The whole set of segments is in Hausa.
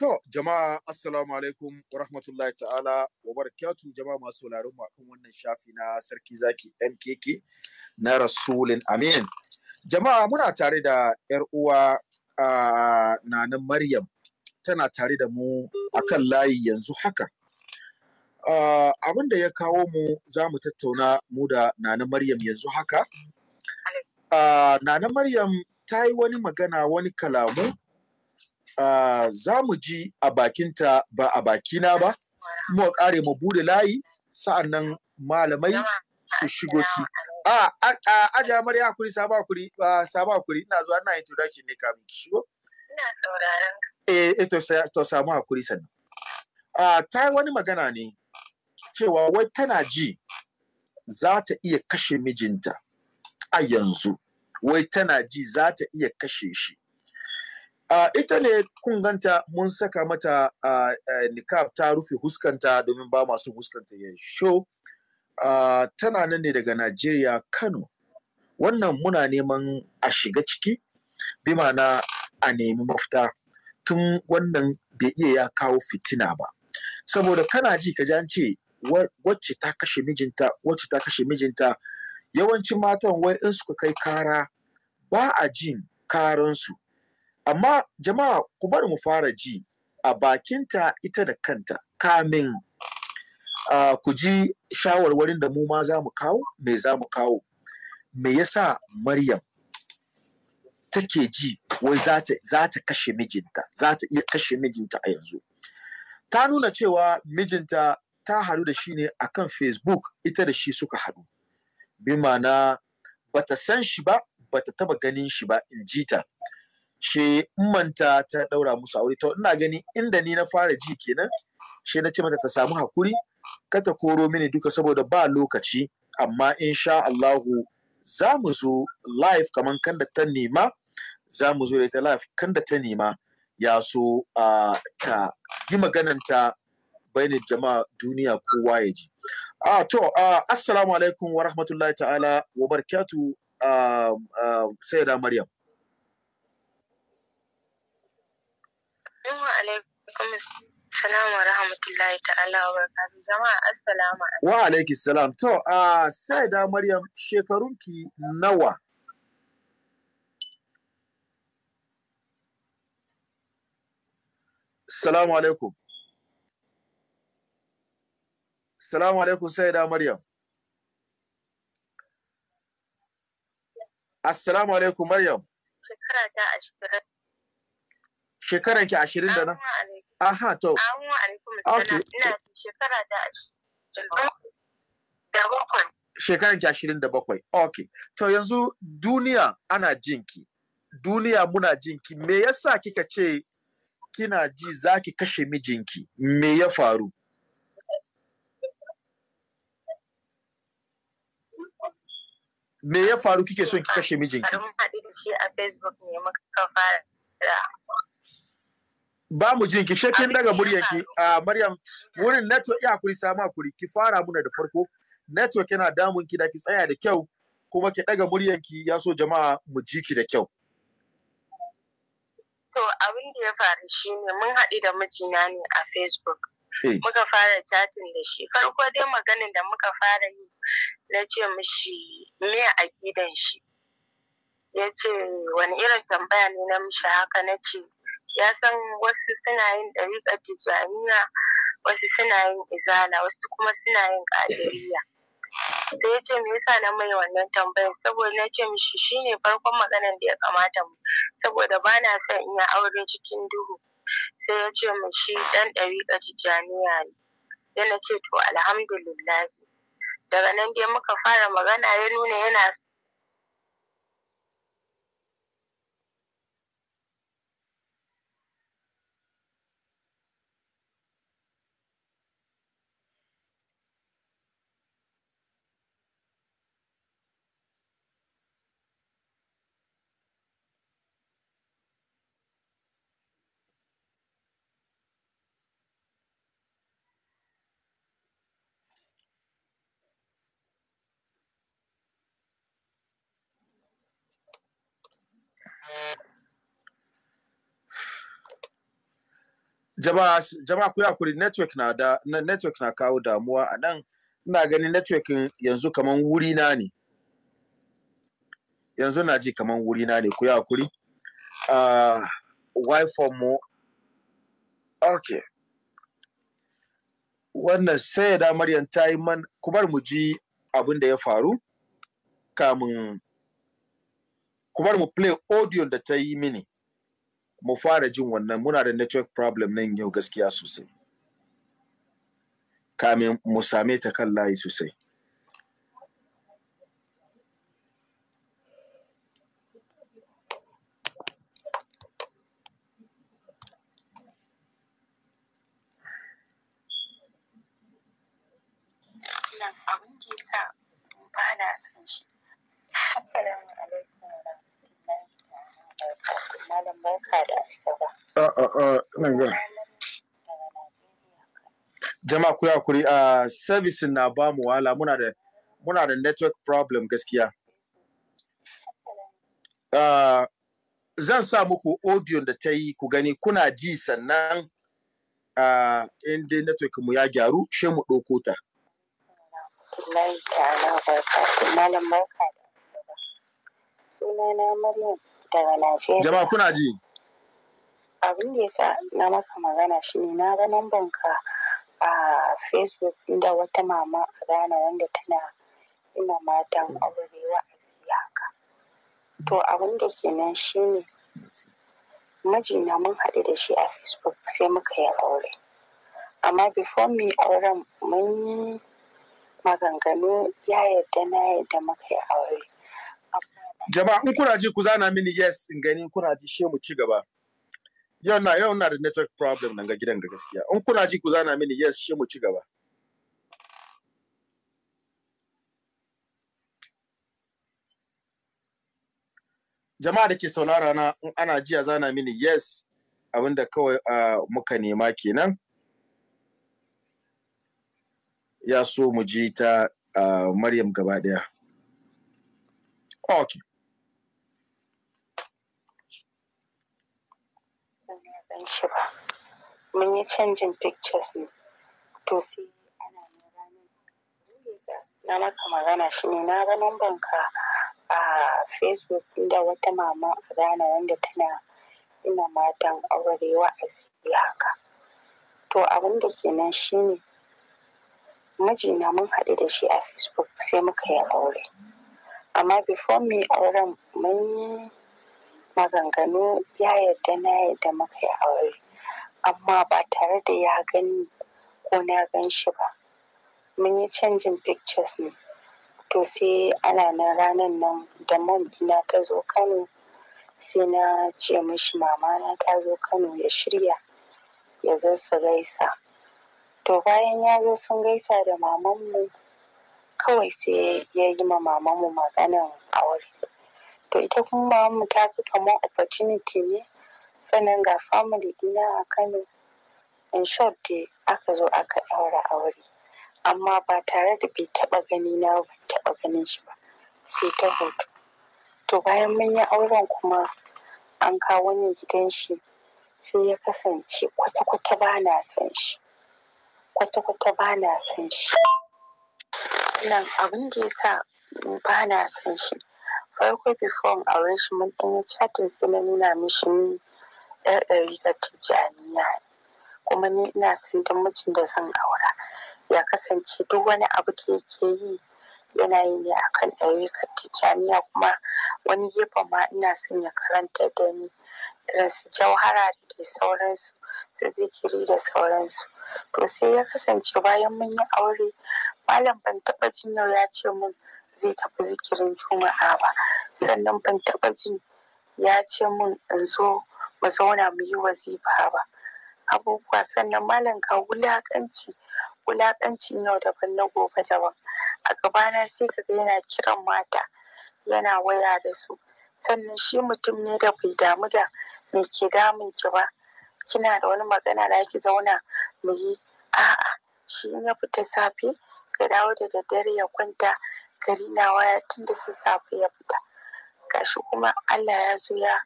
To, jama'a assalamu alaikum wa rahmatullahi ta'ala wa barakatu jama'a masu wularin kan wannan shafi na sarki zaki MKK na Rasulin Amin. Jama'a muna tare da ‘yar uwa a nanan Maryam tana tare da mu akan layi yanzu haka. Abin da ya kawo mu za mu tattauna mu da nanan Maryam yanzu haka. nanan Maryam ta yi wani magana wani kalamu za mu ji a bakinta ba a bakina ba mu kare mu bude layi sa'an nan malamai su shigo ciki a aja amarya hakuri sabo hakuri sabo hakuri ina zuwa ina introduction ne kamin ki shigo ina sauraron eh, eh, to to samu hakuri sannan a ta wani magana ne cewa wai tana ji za ta iya kashe mijinta a yanzu wai tana ji za ta iya kashe shi Uh, ita ne kun mun saka mata uh, uh, nikab ta rufe huskanta domin ba masu huskanta ya show uh, tana nan ne daga Najeriya Kano wannan muna neman a shiga ciki bi ma'ana a nemi mafita tun wannan bai iya ya kawo fitina ba saboda kana ji ka jan ce wacce ta kashe mijinta wacce ta kashe mijinta yawancin matan wai in suka kai kara ba a jin karansu Amma jama'a ku bari mu fara ji a bakinta ita da kanta kamin uh, ku ji shawarwarin da mu ma za mu kawo me za mu kawo me yasa Maryam take ji wai za ta kashe mijinta za ta iya kashe mijinta a yanzu ta nuna cewa mijinta ta haɗu da shi ne a kan facebook ita da shi suka haɗu bi ma'ana ta san shi ba ba ta taɓa ganin shi ba in ji ta she manta ta daura musu aure to ina gani inda ni na fara ji kenan she na ce mata ta samu hakuri kata koro mini duka saboda ba lokaci amma insha Allahu za mu zo live kaman kan da ta nema za mu zo da ita live kan da ta nema ya so ta yi ta bayanin jama'a duniya kowa ya ji. Ah, to, assalamu alaikum wa rahmatullahi ta'ala wa barakatu Sayyida Maryam. wa rahmatullahi salam. To, a sai da Maryam shekarunki nawa? Salamu alaikum. Salamu alaikum sai da Maryam. Assalamu alaikum Maryam. Shekara ta ashirin shekaran ki ashirin da nan aha to okay shekara da shekaran ki ashirin da bakwai okay to yanzu duniya ana jinki duniya muna jinki me yasa kika ce kina ji zaki kashe mijinki me ya faru me ya faru kike son ki kashe mijinki? shi a Facebook ne muka fara ba mu jin ki shekin daga muryan ki a ah, Maryam wurin network ya kuri sama kuri ki fara muna da farko network yana damun ki da ki tsaya da kyau kuma ki daga muryan ki ya so jama'a mu ji ki da kyau to abin da ya faru shine mun haɗi da mijina ne a Facebook eh. muka fara chatin da shi farko dai maganin da muka fara yi na ce mishi me a gidan shi ya ce wani irin tambaya ne na mishi haka na ce ya san wasu suna yin ɗariƙar tijjaniya wasu suna yin izala wasu kuma suna yin ƙadiriya sai ya ce me yasa na mai wannan tambayar saboda na ce mishi shine farkon maganar da ya kamata mu saboda ba na son in yi aure cikin duhu sai ya ce mu shi ɗan ɗariƙar tijjaniya ne Yana ce to alhamdulillah daga nan dai muka fara magana ya nuna yana jama'a jama'a ku yakuri network na da network na kawo damuwa a nan ina gani network yanzu kaman wuri na ne yanzu na ji kaman wuri na ne ku yakuri uh, ah, wifi mu okay wannan sai da maryam ta yi man kubar mu ji abin da ya faru kamun kubar mu play audio da ta yi mini mu fara jin wannan muna da network problem nan yau gaskiya sosai kamin mu same ta kan layi sosai abin sa ba na san shi. Jama barka da ah, ah, ah, hakuri a servicing na ba mu wala muna da muna da network problem gaskiya. zan sa muku audio da ta yi ku gani kuna ji sannan uh, in dai network mu ya gyaru she mu ɗauko ta. Malam Sunana Maryam daga Najeriya. Jama'a kuna ji? Abin da yasa na maka magana shine na ga namban a Facebook inda wata mama a Ghana wanda tana ina matan aure wa'azi haka. To abin da kenan shine mijina mun haɗu da shi a Facebook sai muka yi aure. Amma before mu auren mun yi maganganu ya yarda na yadda muka yi aure. Jama'a in kuna ji ku zana mini yes in gani kuna ji she mu ci gaba. Yau na yau na da network problem nan ga gidan da gaskiya. In kuna ji ku zana mini yes she mu ci gaba. Jama'a da ke saulara na in ana ji a zana mini yes abinda kawai uh, muka nema kenan. Ya so mu ji ta uh, Maryam gaba ɗaya. Okay. shi ba mun yi canjin pictures ne to sai ana nan ranar na maka magana shi ne na ga numban ka a facebook da wata mama a ghana wanda tana ina matan aure siya haka to abin da kenan shine mijina mun haɗu da shi a facebook sai muka yi aure amma before muyi auren mun yi maganganu ya yarda na yarda muka yi aure amma ba tare da ya gani ko na gan shi ba mun yi canjin pictures ne to sai ana nan ranar nan da mom ɗina ta zo kano sai na ce mishi mamana ta zo kano ya shirya ya zo su gaisa to bayan ya zo sun gaisa da mamanmu kawai sai ya yi ma mamanmu maganan aure to ita kuma mu ta fi kamar opportunity ne sannan ga family dina a kano in short dai aka zo aka ɗaura aure amma ba tare da bai taɓa gani na taɓa ganin shi ba sai ta hoto to bayan mun yi auren kuma an kawo ni gidan shi sai ya kasance kwata-kwata ba na san shi kwata-kwata ba na san shi sannan abin da ya sa ba na san shi farko before aure shi mun ɗan yi chatin sai na nuna mishi ni ɗan ɗari ga tijjaniya kuma ni ina son mijin da zan aura ya kasance duk wani abu da yake yi yana yi ne akan ɗari ga tijjaniya kuma wani gefen ma ina son ya karanta da ni irin su jauhara da sauransu su zikiri da sauransu to sai ya kasance bayan mun yi aure malam ban taɓa jinyar ya ce mun. zai tafi zikirin juma'a ba sannan ban taɓa ji ya ce min in zo mu zauna mu yi wazifa ba abubuwa sannan malam ka wulaƙanci wulaƙancin yau daban na gobe daban a gabana sai ka ga yana kiran mata yana waya da su sannan shi mutum ne da bai damu da me ke damun ki ba kina da wani magana da ki zauna mu yi a'a shi ya fita safe ya dawo da daddare ya kwanta gari na waya tun da safe ya fita gashi kuma Allah ya zo ya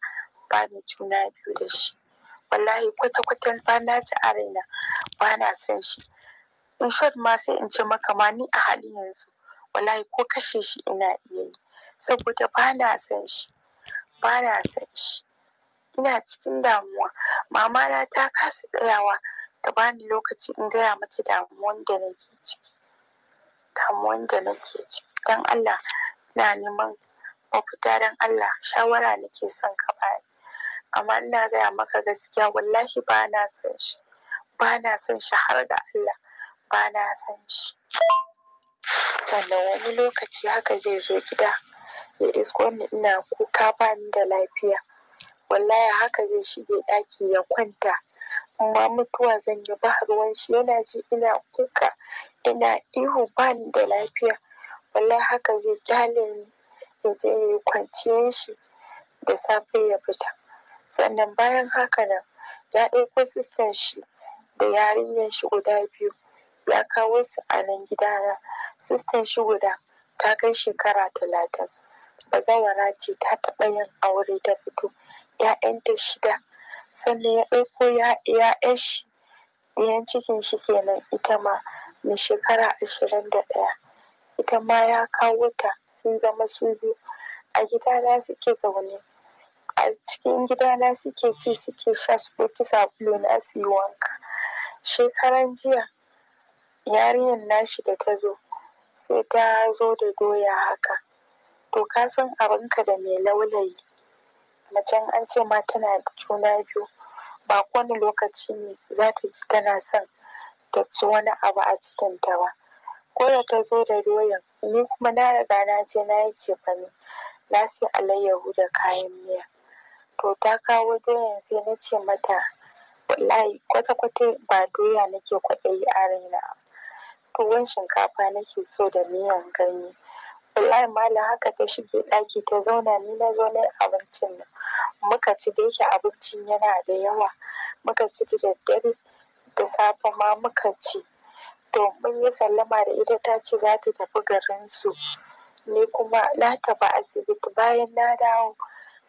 bani juna biyu da shi wallahi kwata-kwata ba na a raina ba na san shi in short ma sai in ce maka ma ni a halin yanzu wallahi ko kashe shi ina iya yi saboda ba na san shi ba na san shi ina cikin damuwa mama na ta kasa tsayawa ta bani lokaci in gaya mata damuwan da nake ciki damuwan da nake ciki Don Allah na neman mafita don Allah shawara ke son ka bani amma ina gaya maka gaskiya wallahi ba na son shi ba na son shi har da Allah ba na son shi sannan wani lokaci haka zai zo gida ya isko ni ina kuka ba ni da lafiya wallahi haka zai shige ɗaki ya kwanta amma mutuwa zan yi ba ruwan shi yana ji ina kuka ina ihu ba ni da lafiya wallahi haka zai kyale ni ya je ya yi kwanciyar shi da safe ya fita sannan bayan haka nan ya ɗauko sistan shi da yarinyar shi guda biyu ya kawo su a nan gidana sistan shi guda ta kai shekara talatin bazawara ce ta taɓa yin aure ta fito ‘ya'yanta shida sannan ya ɗauko ‘ya'yan shi ɗiyan cikin shi kenan ita ma mai shekara ashirin da ɗaya ita ma ya kawo ta sun zama su biyu a gidana suke zaune a cikin gidana suke ci suke sha su ɗauki sabulu na su yi wanka shekaran jiya yarinyar nashi da ta zo sai ta zo da doya haka to ka san abinka da mai laulayi macen an ce ma tana da juna biyu ba kowane lokaci ne za ta ji tana son ta ci wani abu a cikinta ba Koya ta zo da doyan, ni kuma na riga na ce na yi cefane, na sai alayyahu da kayan miya. To ta kawo doyan sai na ce mata, wallahi kwata-kwata ba doya nake kwaɗayi a raina. Tuwon shinkafa nake so da miyan ganye. wallahi malam haka ta shige ɗaki ta zauna ni na zo na abincin nan muka ci da yake abincin yana da yawa muka ci da daddare da safe ma muka ci to mun yi sallama da ita ta ce za ta tafi garinsu ni kuma na tafi asibiti bayan na dawo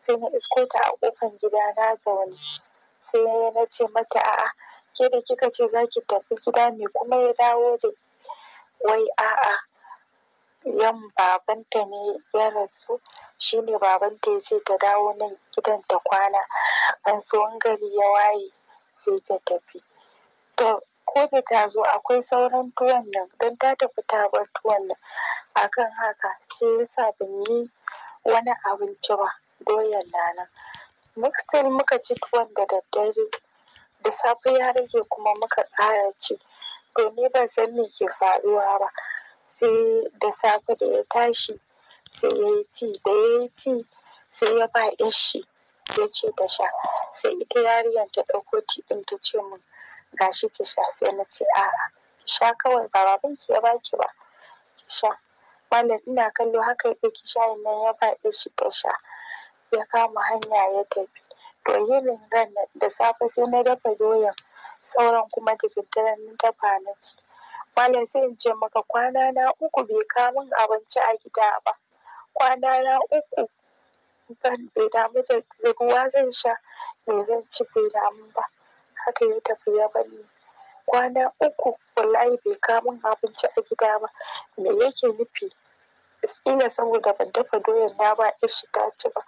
sai na isko ta a kofan gida na zaune sai na ce mata a'a ke da kika ce za ki tafi gida me kuma ya dawo da wai a'a yan babanta ne ya rasu shi ne babanta ya ce ta dawo nan gidan ta kwana an so gari ya waye sai ta tafi kofi ta zo akwai sauran tuwon nan don ta tafi ta bar tuwon nan akan haka sai ya sa ban yi wani abinci ba doyan nana muka muka ci tuwon da daddare da safe ya rage kuma muka ƙara ci to ni ban san me ke faruwa ba sai da safe da ya tashi sai ya yi ci da ya yi ci sai ya ba shi ya ce ta sha sai ita yarinyar ta ɗauko ti ɗin ta ce min gashi ki sha sai na ce a'a ki sha kawai ba baban ki ya baki ba ki sha malam ina kallo haka ya ki shayin nan ya ba shi ka sha ya kama hanya ya tafi to yinin ran da safe sai na dafa doyan sauran kuma da daddare na dafa na ci malam sai in ce maka kwana na uku bai min abinci a gida ba kwana na uku ban bai damu da ruwa zan sha bai zan ci bai damu ba haka ya tafi ya kwana uku wallahi bai kamun abinci a gida ba me yake nufi ina saboda ban dafa doyan na ba ya shiga ci ba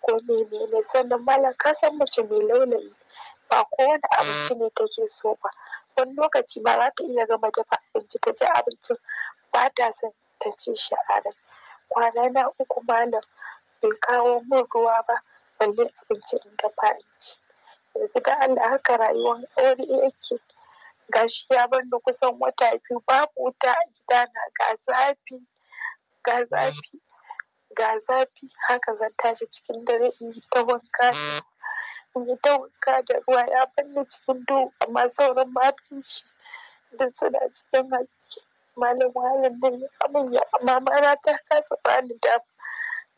ko menene sannan malam ka san mace mai laulayi ba kowane abinci ne take so ba wani lokaci ba za ta iya gama dafa abinci ta ji abincin ba ta san ta ci shi a nan kwana na uku malam bai kawo min ruwa ba wannan abinci in dafa yanzu ga Allah haka rayuwar aure yake gashi ya bar kusan wata biyu babu wuta a gidana ga zafi ga zafi ga zafi haka zan tashi cikin dare in yi ta wanka in yi ta wanka da ruwa ya bar cikin duhu amma sauran matan shi da suna cikin haƙƙi malam halin nan abin ya amma mara ta kasa bani da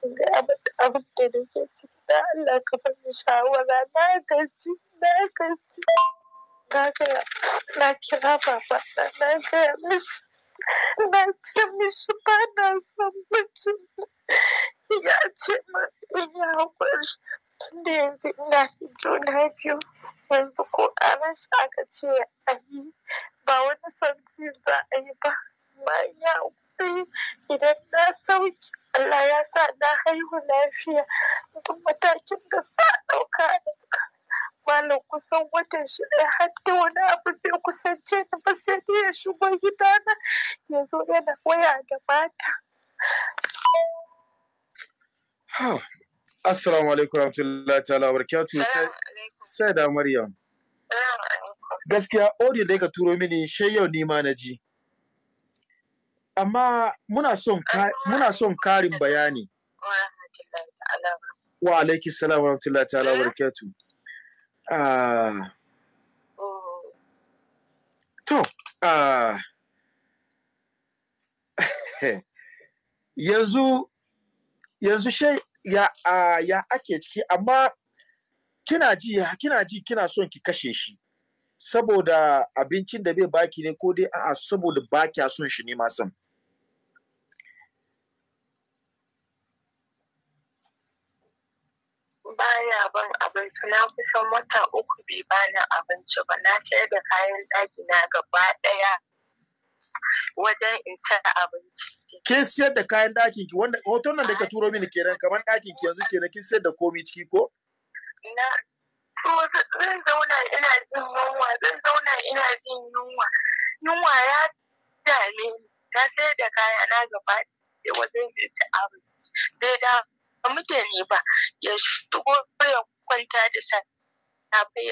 abin da nake ciki da Allah ka bani shawara na gaji na gaji na gaya na kira baba na na gaya mishi na ce mishi ba na son miji ya ce min in yi haƙuri tunda yanzu ina juna biyu yanzu ko ƙarar shi aka ce a yi ba wani son za a yi ba ma ya haƙuri idan na sauki Allah ya sa na haihu lafiya duk matakin da za a ɗauka a ɗauka malam kusan watan shi ɗaya har da wani abu bai kusance ni ba sai ya shigo gidana ya zo yana waya da mata. Assalamu alaikum rahmatullahi ta'ala wa barakatuhu sai da Maryam. Gaskiya audio da ka turo mini shi yau ni ma na ji. amma muna son karin bayani wa alaiki salam wa rahmatullahi ta'ala wa barakatu ah. to ah. yanzu yanzu shai ya ake ciki amma kina ji kina ji kina son ki kashe shi saboda abincin da bai baki ne ko dai a'a saboda baki son shi ne ma sam baya ban abinci na kusan wata uku bai bani abinci ba na sayar da kayan ɗaki na gaba ɗaya wajen in ci abinci kin siyar da kayan ɗakin ki wanda hoton nan da ka turo mini kenan kamar ɗakin ki yanzu kenan kin siyar da komi ciki ko na to zan zauna ina jin yunwa zan zauna ina jin yunwa yunwa ya dame na sayar da kaya na gaba wajen in ci abinci dai da mutane ba ya shigo ya kwanta da safe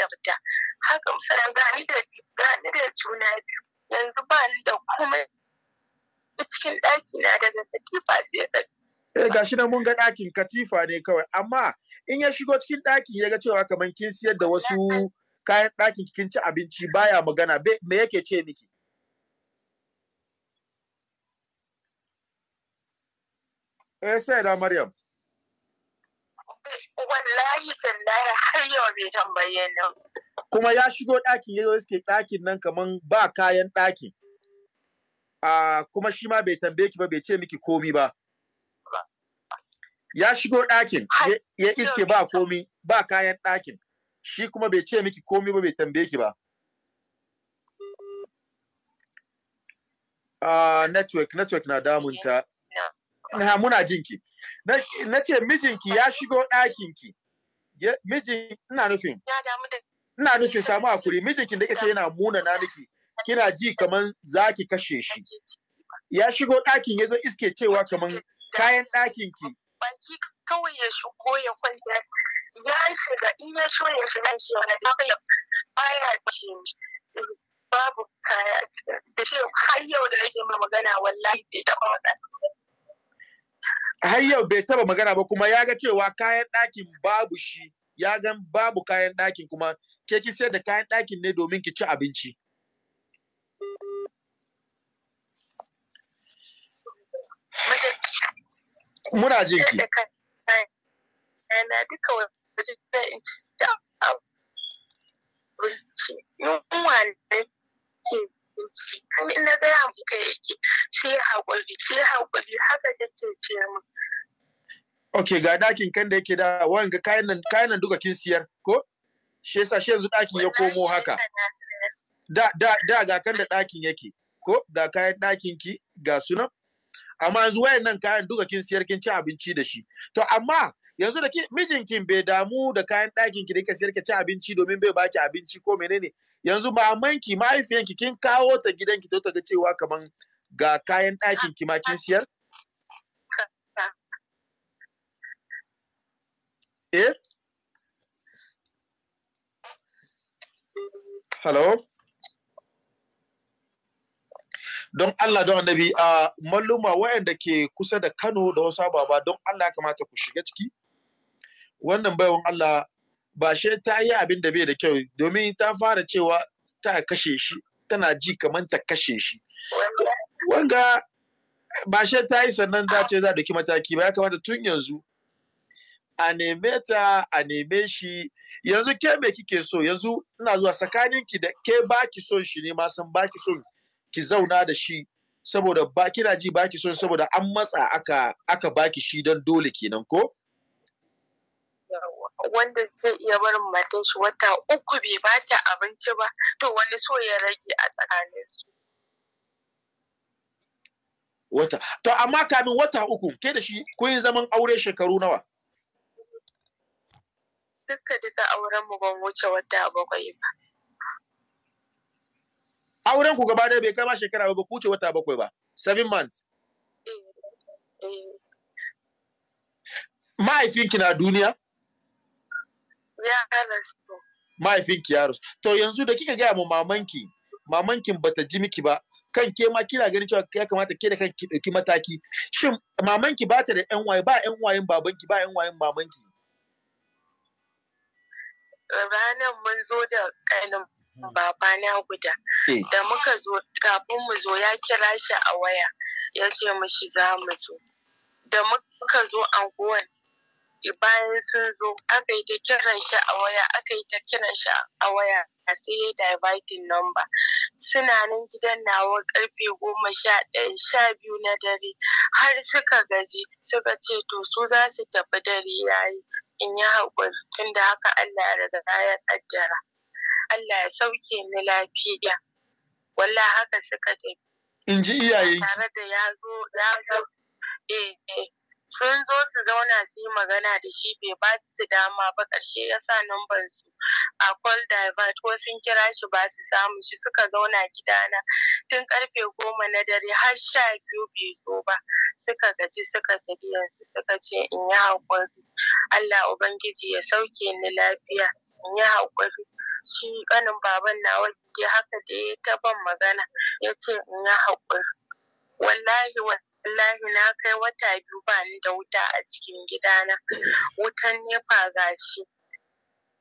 haka da gani da juna biyu yanzu ba ni da komai cikin ɗaki na daga katifa sai Eh ga shi nan mun ga ɗakin katifa ne kawai amma in ya shigo cikin ɗaki ya ga cewa kamar kin siyar da wasu kayan ɗakin kin ci abinci baya magana me yake ce miki? Eh sai da Maryam. wallahi har yau bai tambaye Kuma ya shigo ɗakin ya zo suke ɗakin nan kaman ba kayan ɗakin. Uh, kuma shi ma bai tambaye ki ba bai ce miki komi ba. Ya shigo ɗakin ya iske ba komi ba kayan ɗakin. Shi kuma bai ce miki komi ba bai tambaye ki ba. Uh, network network na damunta na muna jinki na ce mijinki ya shigo ɗakinki mijin ina nufin ina nufin samu hakuri mijinki da ce yana muna na miki kina ji kaman zaki kashe shi ya shigo ɗakin ya zo iske cewa kaman kayan ɗakinki baki kawai ya shigo ya kwanta ya shiga in ya so ya shiga shi wani dafa baya ce babu kaya da shi har yau da yake ma magana wallahi bai taɓa matsala har yau bai taba magana ba kuma ya ga cewa kayan ɗakin babu shi ya gan babu kayan ɗakin kuma ke ki sayar da kayan ɗakin ne domin ki ci abinci muna jin ki na yunwa ne ke abinci muka yake haka take ce Ok, ga dakin kan da yake da wanga kayan nan kayan nan duka kin siyar ko? Shi yasa shi yanzu dakin ya komo haka. Da da da ga kan da dakin yake ko ga kayan dakin ki ga sunan. Amma yanzu wayannan kayan duka kin siyar kin ci abinci da shi. To amma yanzu da mijinkin bai damu da kayan dakin ki da kike siyar ki ci abinci domin bai baki abinci ko menene yanzu mamanki mahaifiyanki kin kawo ta gidanki to ta ga cewa kaman ga kayan ɗakin ki ma kin siyar eh hello don Allah don annabi a malluma wayanda ke kusa da Kano da wasu ababa don Allah ya kamata ku shiga ciki wannan baiwan Allah ba shi ta yi abin da bai da kyau domin ta fara cewa ta kashe shi tana ji kamar ta kashe shi wanga ba shi ta yi sannan da ce za doki mataki ba ya kamata tun yanzu a neme ta a neme shi yanzu ke me kike so yanzu ina zuwa tsakanin ki da ke baki son shi ne ma san baki son ki zauna da shi saboda ba kina ji baki son saboda an matsa aka aka baki shi don dole kenan ko wanda zai iya barin matan shi wata uku bai bata abinci ba to wani so ya rage a tsakanin su wata to amma kamin wata uku ke da shi kun zaman aure shekaru nawa duka duka auren mu ban wuce wata bakwai ba auren ku gaba ɗaya bai kama shekara ba ku wuce wata bakwai ba seven months eh, eh. mahaifinki na duniya ya rasu mahaifinki ya rasu to yanzu da kika gaya ma mamanki mamankin bata ji miki ba kan ke ma kina ganin cewa ya kamata ke da kan ki ɗauki mataki shin mamanki ba ta da ƴan waye ba ƴan wayen babanki ba ƴan wayen mamanki ranar mun zo da ƙanin babana guda eh. da muka zo kafin mu zo ya kira shi a waya ya ce mu shiga mu zo da muka zo anguwan bayan sun zo aka yi ta kiran shi a waya aka yi ta kiran shi a waya sai ya diverting number suna nan gidan nawa karfe goma sha ɗaya sha biyu na dare har suka gaji suka ce to su za su tafi dare yayi in yi haƙuri tunda haka Allah ya riga ya ƙaddara Allah ya sauke ni lafiya wallah haka suka tafi in ji iyaye tare da ya zo ya eh, eh. sun zo su zauna su yi magana da shi bai ba su dama ba ƙarshe ya sa numban su a call divert ko sun kira shi ba su samu shi suka zauna gidana tun karfe goma na dare har sha biyu bai zo ba suka gaji suka gaji yanzu suka ce in yi haƙuri Allah Ubangiji ya sauke ni lafiya in yi haƙuri shi ƙanin baban na nawa haka da ya ta magana ya ce in yi haƙuri wallahi wani wallahi na kai wata biyu ba ni da wuta a cikin gidana wutan nefa shi.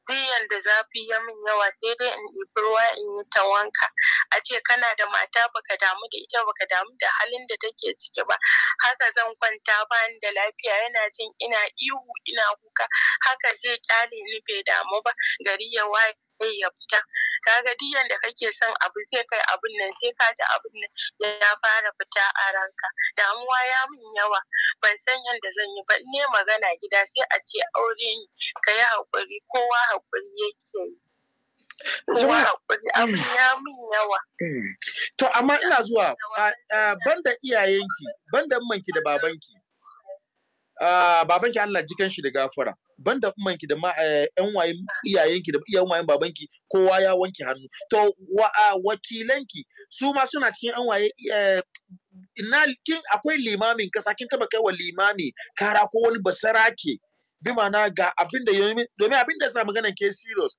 duk yanda zafi ya min yawa sai dai in ɗibi ruwa in yi ta wanka a ce kana da mata baka damu da ita baka damu da halin da take ciki ba haka zan kwanta bani da lafiya yana jin ina ihu ina kuka haka zai kyale ni bai damu ba gari ya waye bai ya fita kaga duk yanda kake son abu zai kai abun nan sai ka ji abun nan ya fara fita a ranka damuwa ya min yawa ban san yanda zan yi ba ne magana gida sai a ce aure ni ka yi haƙuri kowa haƙuri yake yi mm. mm. To amma ina zuwa banda iyayenki banda manki da babanki ah, babanki Allah jikan shi da gafara banda umanki da ma eh, iyayenki da iyayen wayen babanki kowa ya wanke hannu to wa wakilanki su ma suna cikin ƴan waye eh, ina kin akwai limamin kasa kin taba kai wa limami kara ko wani saraki? bi ma'ana ga abin da domin abin da sa maganan ke serious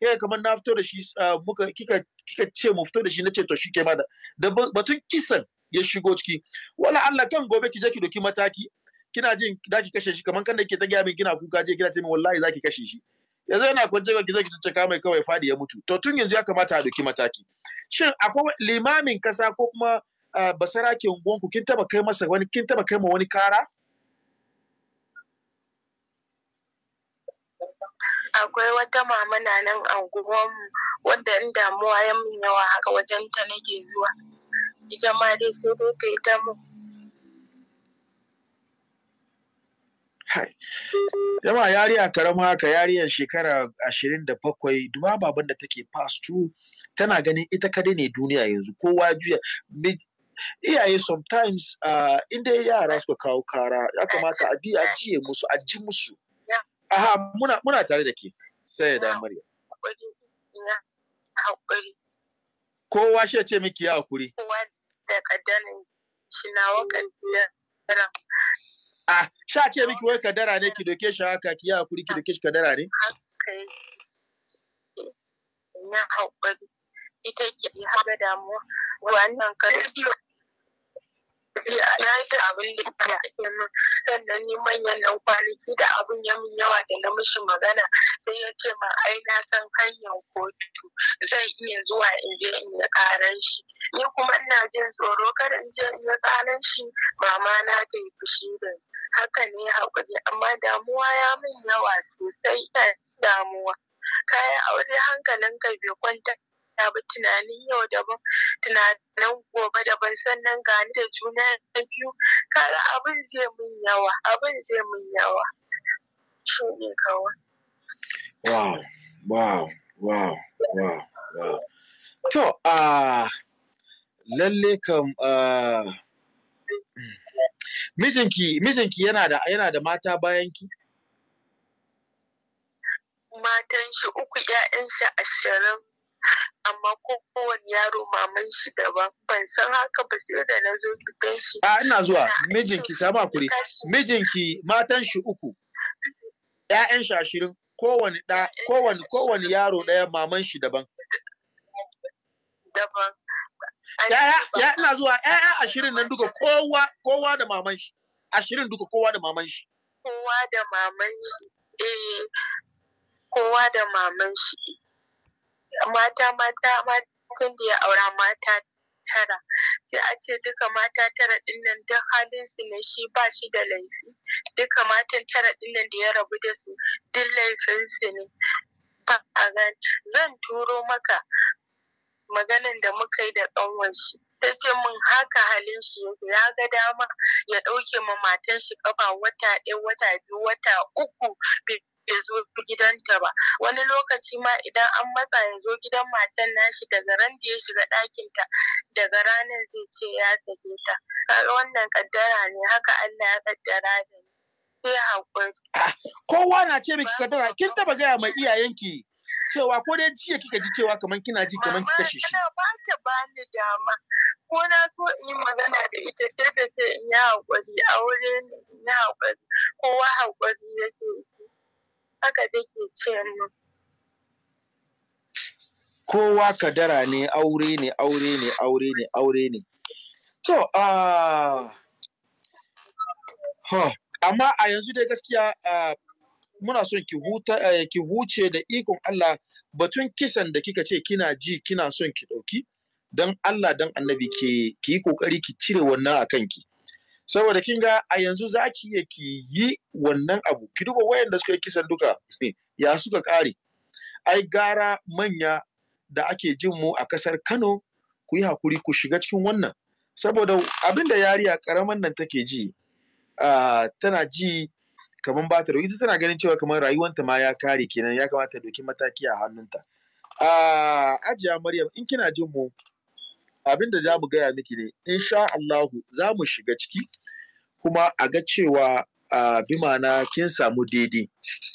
eh kamar na fito da shi eh, muka kika kika ce mu fito da shi nace to shi ke ma da batun kisan ya shigo ciki wala Allah kan gobe ki je ki doki mataki kina jin zaki kashe shi kamar kanda ke ta gaya min kina kuka je kina ce min wallahi zaki kashe shi yanzu yana kwance ki zaki caccaka mai kawai fadi ya mutu to tun yanzu ya kamata a doki mataki shin akwai limamin kasa ko kuma basara ke kin taba kai masa wani kin taba kai ma wani kara akwai wata mama na nan a unguwanmu wadda in damuwa ya yawa haka wajen ta nake zuwa ita ma dai sai dai ta mu Yama yariya karama haka yariyar shekara ashirin da bakwai duba baban da take past two tana ganin ita kadai ne duniya yanzu kowa juya iyaye sometimes uh, ah, inda yara suka kawo kara ya kamata a bi a jiye musu a ji musu aha muna muna tare da ke sai da murya kowa shi ce miki ya hakuri kowa da kadanin shi nawa kaddanin Ah, sha ce miki wai kadara ne ki doke shi haka ki yi hakuri ki doke shi kadara ne? Na haƙuri, ita ke haɗa damuwa, wannan kadara ya yi abin da ya ake min sannan ni manyan nan kwanaki da abin ya min yawa da na mishi magana sai ya ce ma ai na san hanyar kotu zan iya zuwa in je in yi karan shi ni kuma ina jin tsoro kar in je in yi karan shi mama na ta yi fushi da haka ne hakuri amma damuwa ya min yawa sosai ina damuwa kayan aure hankalinka bai kwanta lafiya ba tunanin yau daban tunanin gobe daban sannan gani da juna biyu kaga abin zai mun yawa abin zai mun yawa shi ne kawai wow wow wow wow wow to a lalle kam mijinki mijinki yana da yana da mata bayan ki matan shi uku ƴaƴan shi ashirin amma ko kowane yaro maman shi daban ban san haka ba sai da na zo ki gidan shi a ina zuwa mijinki sama kure mijinki matan shi uku ƴaƴan shi ashirin kowane da kowane kowane yaro daya maman shi daban daban ya ina zuwa ƴaƴa ashirin nan duka kowa kowa da maman shi ashirin duka kowa da maman shi kowa da maman shi eh kowa da maman shi mata mata matan da ya aura mata tara sai a ce duka mata tara dinnan duk halin su ne shi ba shi da laifi duka matan tara dinnan da ya rabu da su duk laifin su ne zan turo maka maganin da muka yi da ƙanwar shi ta ce min haka halin shi yake ya ga dama ya ɗauke ma matan shi kafa wata ɗaya wata biyu wata uku ya zo gidanta ba wani lokaci ma idan an matsa ya zo gidan matan nashi daga ran da ya shiga ɗakinta daga ranar zai ce ya sake ta kaga wannan kaddara ne haka Allah ya kaddara da ni sai hakuri kowa na ce miki kaddara kin taba gaya ma iyayenki cewa ko dai jiya kika ji cewa kamar kina ji kamar kika shi shi ba ta ba ni dama ko na so in yi magana da ita sai ta ce in yi hakuri aure ne in yi hakuri kowa hakuri yake haka take ce mu. kowa kadara ne aure ne aure ne aure ne aure ne to so, amma a yanzu dai gaskiya muna son ki huce da ikon Allah batun kisan da kika ce kina ji kina son ki ɗauki dan Allah dan annabi ke ki yi kokari ki cire wannan a kanki saboda kin ga a yanzu za ki iya ki yi wannan abu ki duba wayanda suka yi kisan duka ya suka kare ai gara manya da ake jin mu a kasar Kano ku yi hakuri ku shiga cikin wannan saboda abin da yariya karaman nan take ji tana ji kamar ba ta ita tana ganin cewa kamar rayuwanta ma ya kare kenan ya kamata ta doki mataki a hannunta ajiya Maryam in kina jin mu abin da za gaya miki ne insha Allahu za mu shiga ciki kuma a ga cewa a bi mana kin samu daidai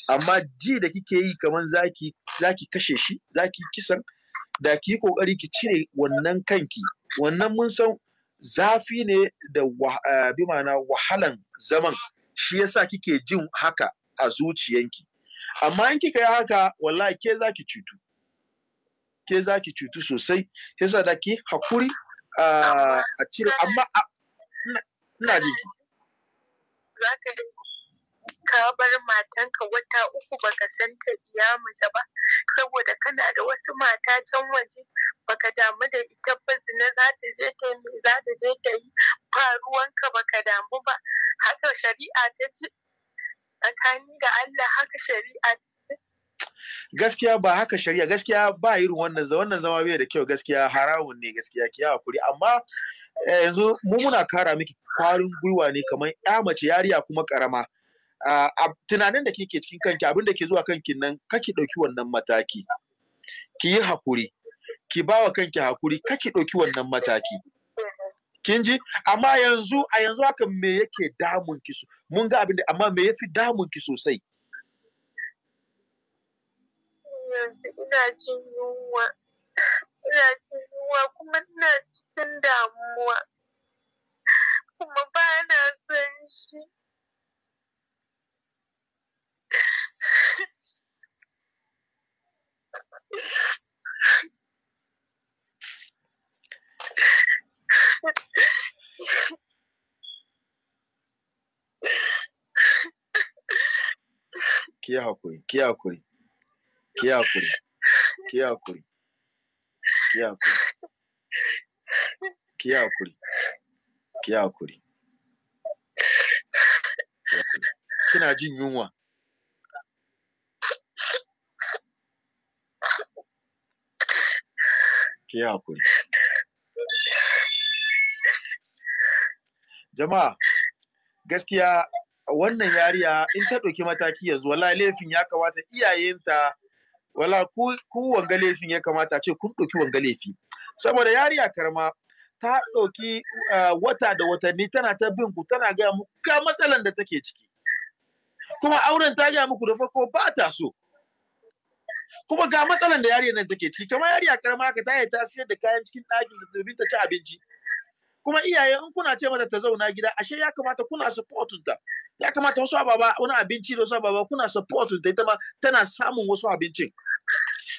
amma ji da kike yi kamar zaki zaki kashe shi zaki kisan da ki ƙoƙari ki cire wannan kanki wannan mun san zafi ne da bi mana wahalan zaman shi yasa kike jin haka a zuciyanki amma in kika yi haka wallahi ke zaki cutu ke za ki cutu sosai sa da ki hakuri a cire amma ina jin ki ka bar matanka wata uku baka san ta mace ba saboda kana da wasu mata can waje baka damu da ita ba zina za ta je ta yi za ta je ta yi ba ruwanka baka damu ba haka shari'a ta ce tsakani da Allah haka shari'a ta gaskiya ba haka shari'a gaskiya ba irin wannan zama wannan zama bai da kyau gaskiya haramun ne gaskiya ki hakuri amma eh, yanzu mu muna kara miki kwarin gwiwa ne kamar ya mace yariya kuma karama tunanin da kike cikin kanki abin da ke zuwa kanki nan kaki ɗauki wannan mataki ki yi hakuri ki ba wa kanki hakuri ki ɗauki wannan mataki kin ji amma yanzu a yanzu haka me yake damun ki mun ga abin da amma me yafi damun ki sosai yanzu ina jin yunwa ina jin yunwa kuma ina cikin damuwa kuma ba na shi ki hakuri ki hakuri ki hakuri ki hakuri ki hakuri ki hakuri ki hakuri kina jin yunwa ki hakuri jama'a gaskiya wannan yariya in ta ɗauki mataki yanzu wallahi laifin ya kamata iyayenta wala ku wanga laifin ya kamata ce kun ɗauki wanga laifi saboda yariya karma ta ɗauki wata da watanni tana ta bin ku tana gaya muku ga matsalan da take ciki kuma auren ta gaya muku da farko ba ta so kuma ga matsalan da yari nan take ciki kamar yariya karma haka ta yi tasiri siyar da kayan cikin ɗakin da ta ci abinci kuma iyaye in kuna ce mata ta zauna gida ashe ya kamata kuna supportin ta ya kamata wasu ababa wani abinci da wasu ababa kuna supportin ta ita ma tana samun wasu abincin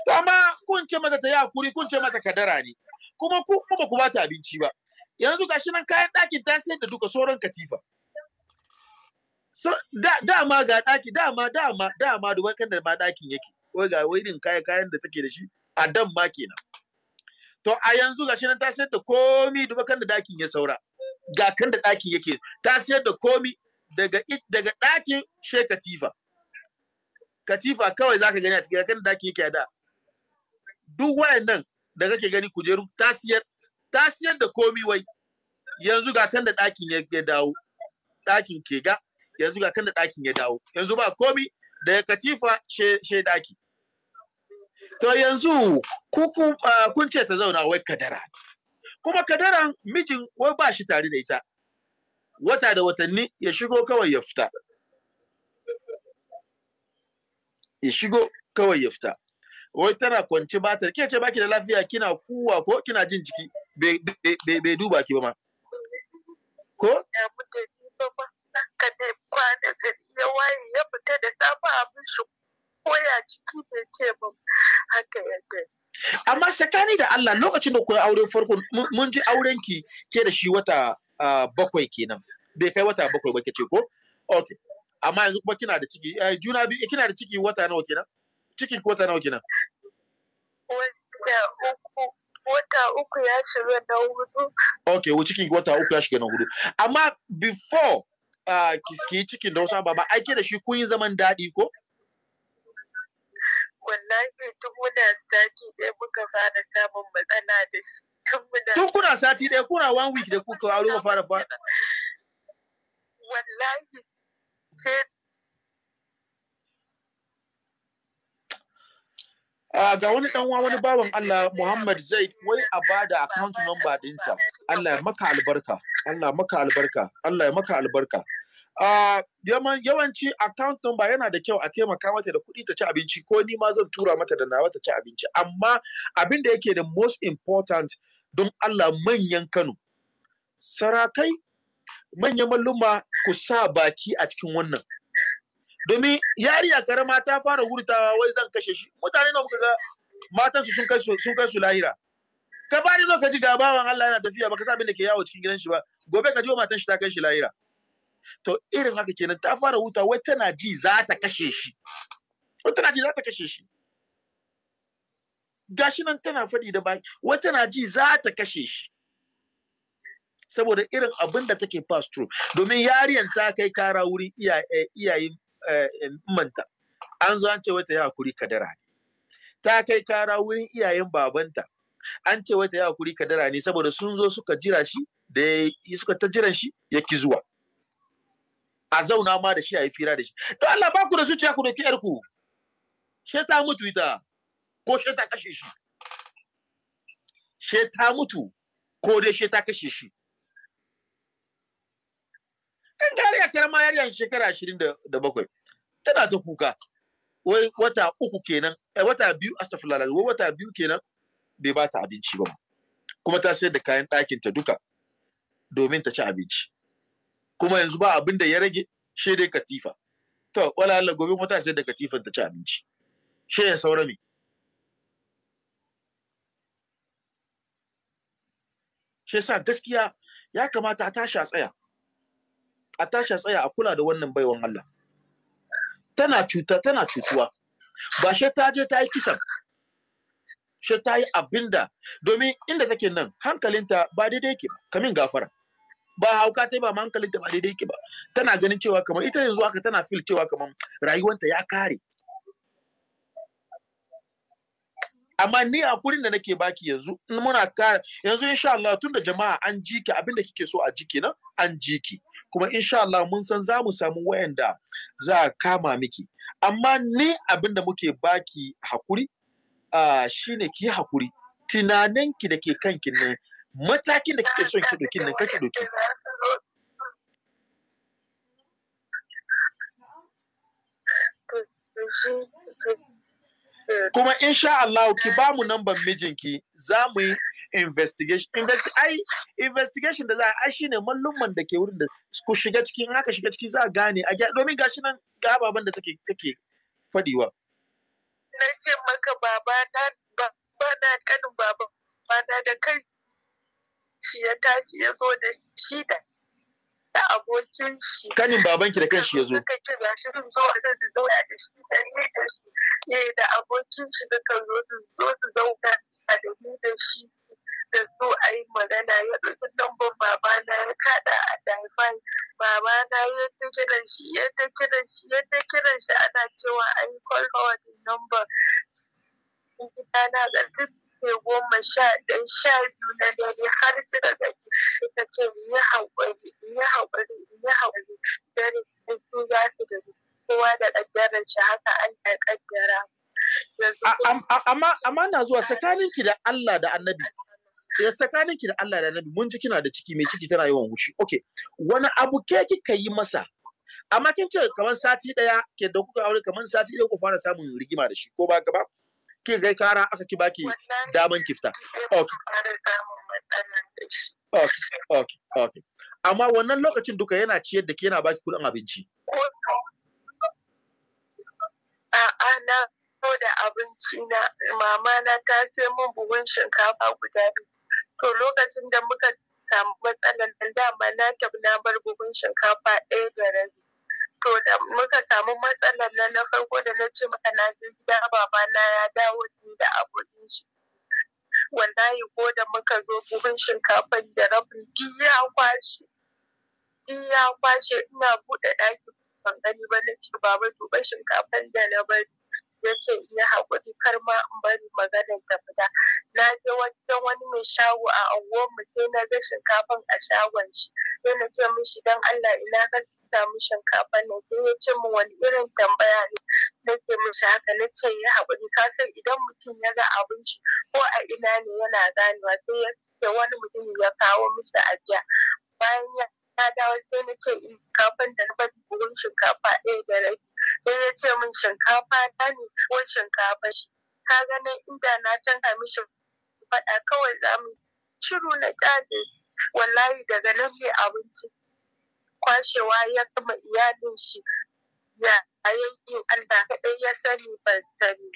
to amma kun ce mata ta yi hakuri kun ce mata kadara ne kuma ku ba ku bata abinci ba yanzu gashi nan kayan ɗakin ta sayar da duka sauran katifa so da dama ga ɗaki dama dama dama da ma, kan da ma ɗakin yake wai ga wai din kayan kayan da take da shi a dan ma kenan to a yanzu shi nan ta sayar da komi duba kan da dakin ya saura ga kan da dakin yake ta sayar da komi daga daga dakin she katifa katifa kawai zaka gani a cikin kan da dakin yake da duk wayannan da kake gani kujeru ta sayar ta sayar da komi wai yanzu ga kan da dakin ya dawo dakin ke ga yanzu ga kan da dakin ya dawo yanzu ba komi da katifa she she daki To yanzu kun ce ta zauna wai kadara. Kuma kadaran mijin wai ba shi tare da ita. Wata da watanni ya shigo kawai ya fita. Ya shigo kawai ya fita. Wai tana kwance ba ta ke ce baki da lafiya kina kuwa ko kina jin jiki bai duba ki ba ma. Ko? Ya waye ya fita da safa abin shi koya ciki bai ce ba haka yadda amma tsakani da Allah lokacin da kuwa auren farko mun ji auren ki ke da shi wata bakwai kenan bai kai wata bakwai ba ce ko Ok. amma yanzu kuma kina da ciki eh, juna biyu eh, kina da ciki wata nawa kenan cikin ki wata nawa kenan wata uku wata uku ya shiga na hudu Ok wa cikin wata uku ya shiga na hudu amma before ki yi cikin da wasu ababa ai ke da shi kun yi zaman daɗi ko wallahi tun muna sati ɗaya muka fara samun matsala da shi tun kuna sati ɗaya kuna one week da kuka aure ka fara fara wallahi sai Uh, ga wani dan wani bawan Allah Muhammad Zaid wai a bada account number ɗinta. Allah ya maka albarka Allah ya maka albarka Allah ya maka albarka yawanci account number yana da kyau a taimaka mata da kuɗi ta ci abinci ko ni ma zan tura mata da nawa ta ci abinci amma abin da yake da most important don Allah manyan Kano sarakai manyan malluma ku sa baki a cikin wannan domin yariya karama ta fara hurtawa wai zan kashe shi mutane na kuka ga matansu sun kai su lahira ka ka ji ga bawan Allah yana tafiya baka sa abin da ke yawo cikin gidan shi ba gobe ka ji matan shi ta kai shi lahira to irin haka kenan ta fara huta wai tana ji za ta kashe shi wai tana ji za ta kashe shi gashi nan tana faɗi da baki wai tana ji za ta kashe shi saboda irin abin da take pass through domin yariyan ta kai kara wurin eh, iyayen eh, manta an zo an ce wata ya kuri kadara ne ta kai kara wurin iyayen babanta an ce wata ya kuri kadara ne saboda sun zo suka jira shi da suka ta jiran shi ya ki zuwa a zauna ma da shi a yi fira da shi don Allah ba ku da zuciya ku dauki yarku she ta mutu ita ko she ta kashe shi she ta mutu ko dai she ta kashe shi kan gari ya kira ma yaryan shekara ashirin da bakwai tana ta kuka wai wata uku kenan eh, wata biyu astagfirullah wai wata biyu kenan bai ba ta abinci ba kuma ta sayar da kayan ɗakinta duka domin ta ci abinci kuma yanzu ba abin da ya rage shi dai katifa to wala Allah gobe mata sai da katifar ta ci abinci shi ya saura mi. shi gaskiya ya kamata a tashi a tsaya a tashi a tsaya a kula da wannan baiwan Allah tana cuta tana cutuwa ba shi ta je ta yi kisan shi ta yi abinda domin inda take nan hankalinta ba daidai yake ba kamin gafara ba hauka ta yi ba hankalin ta ba daidai yake ba tana ganin cewa kamar ita yanzu haka tana fil cewa kamar rayuwanta ya kare amma ni kurin da nake baki yanzu in muna kare yanzu insha Allah tunda jama'a an ji ki abinda kike so a ji na an jiki. kuma insha Allah mun san za mu samu wayanda za a kama miki amma ni abinda muke baki hakuri a ah, shine ki hakuri tunaninki da ke kanki ne matakin da kike son ki doki nan kake doki kuma insha Allah ki ba mu namban mijinki za mu yi investigation ai investigation da za a shine mallumman da ke wurin da ku shiga ciki in aka shiga ciki za a gane a domin gashi nan ga ababen da take take fadiwa na ce maka baba na ba na kanin baba na da kai shi ya tashi ya zo da shi da da abokin shi kanin babanki da kanshi ya zo suka ce ba shi zo da su zo da shi da ni da shi ne eh, da abokin shi da kan zo su zo su zauna da ni da shi da su a yi magana ya ɗauki lambar babana ya kaɗa a daifai babana ya ta kiran shi ya ta kiran shi ya ta kiran shi ana cewa an yi call forwarding number gidana ga duk karfe goma sha ɗan sha biyu na dare har suka gaji ita ce in yi haƙuri in yi haƙuri in yi haƙuri dare su za su gari kowa da ƙaddarar shi haka an da ƙaddara. Amma na zuwa tsakaninki da Allah da annabi. ya eh, tsakanin ki da Allah da Annabi mun ji kina da ciki mai ciki tana yawan hushi okay wani abu ke kika yi masa amma kin ce kamar sati daya ke da kuka aure kamar sati daya ku fara samun rigima da shi ko ba ka ba ki kai kara aka ki baki daman kifta okay okay okay okay amma wannan lokacin duka yana ciyar da ke yana baki kudin abinci a'a na da abinci na mama na ta ce mun buhun shinkafa guda biyu to lokacin da muka samu matsalar da dama na tafi na bar buhun shinkafa ɗaya da rabi to da muka samu matsalar nan na farko da na ce maka na ya gida babana ya dawo ni da abokin shi wallahi ko da muka zo buhun shinkafan da rabin biya ya kwashe kwashe ina buɗe ɗakin ban gani ba na ce baba duba shinkafar da na bari ya ce in haƙuri kar ma in bari maganar ta fita na je wajen wani mai shago a unguwarmu sai na ga shinkafan a shagon shi sai na ce mishi don Allah ina ka samu shinkafa ne sai ya ce min wani irin tambaya ne ce mishi haka na ce ya haƙuri ka san idan mutum ya ga abinci ko a ina ne yana ganewa sai ya ce wani mutum ya kawo mishi ajiya bayan ya dawo sai na ce kafin da na bari burin shinkafa ɗaya da rabi sai ya ce min shinkafa na ne ko shinkafa shi ka ganin inda na tanka mishi faɗa kawai za mu shiru na ƙyale wallahi daga nan ne abinci kwashewa ya gama iyalin shi ya yankin Allah kaɗai ya sani ban sani.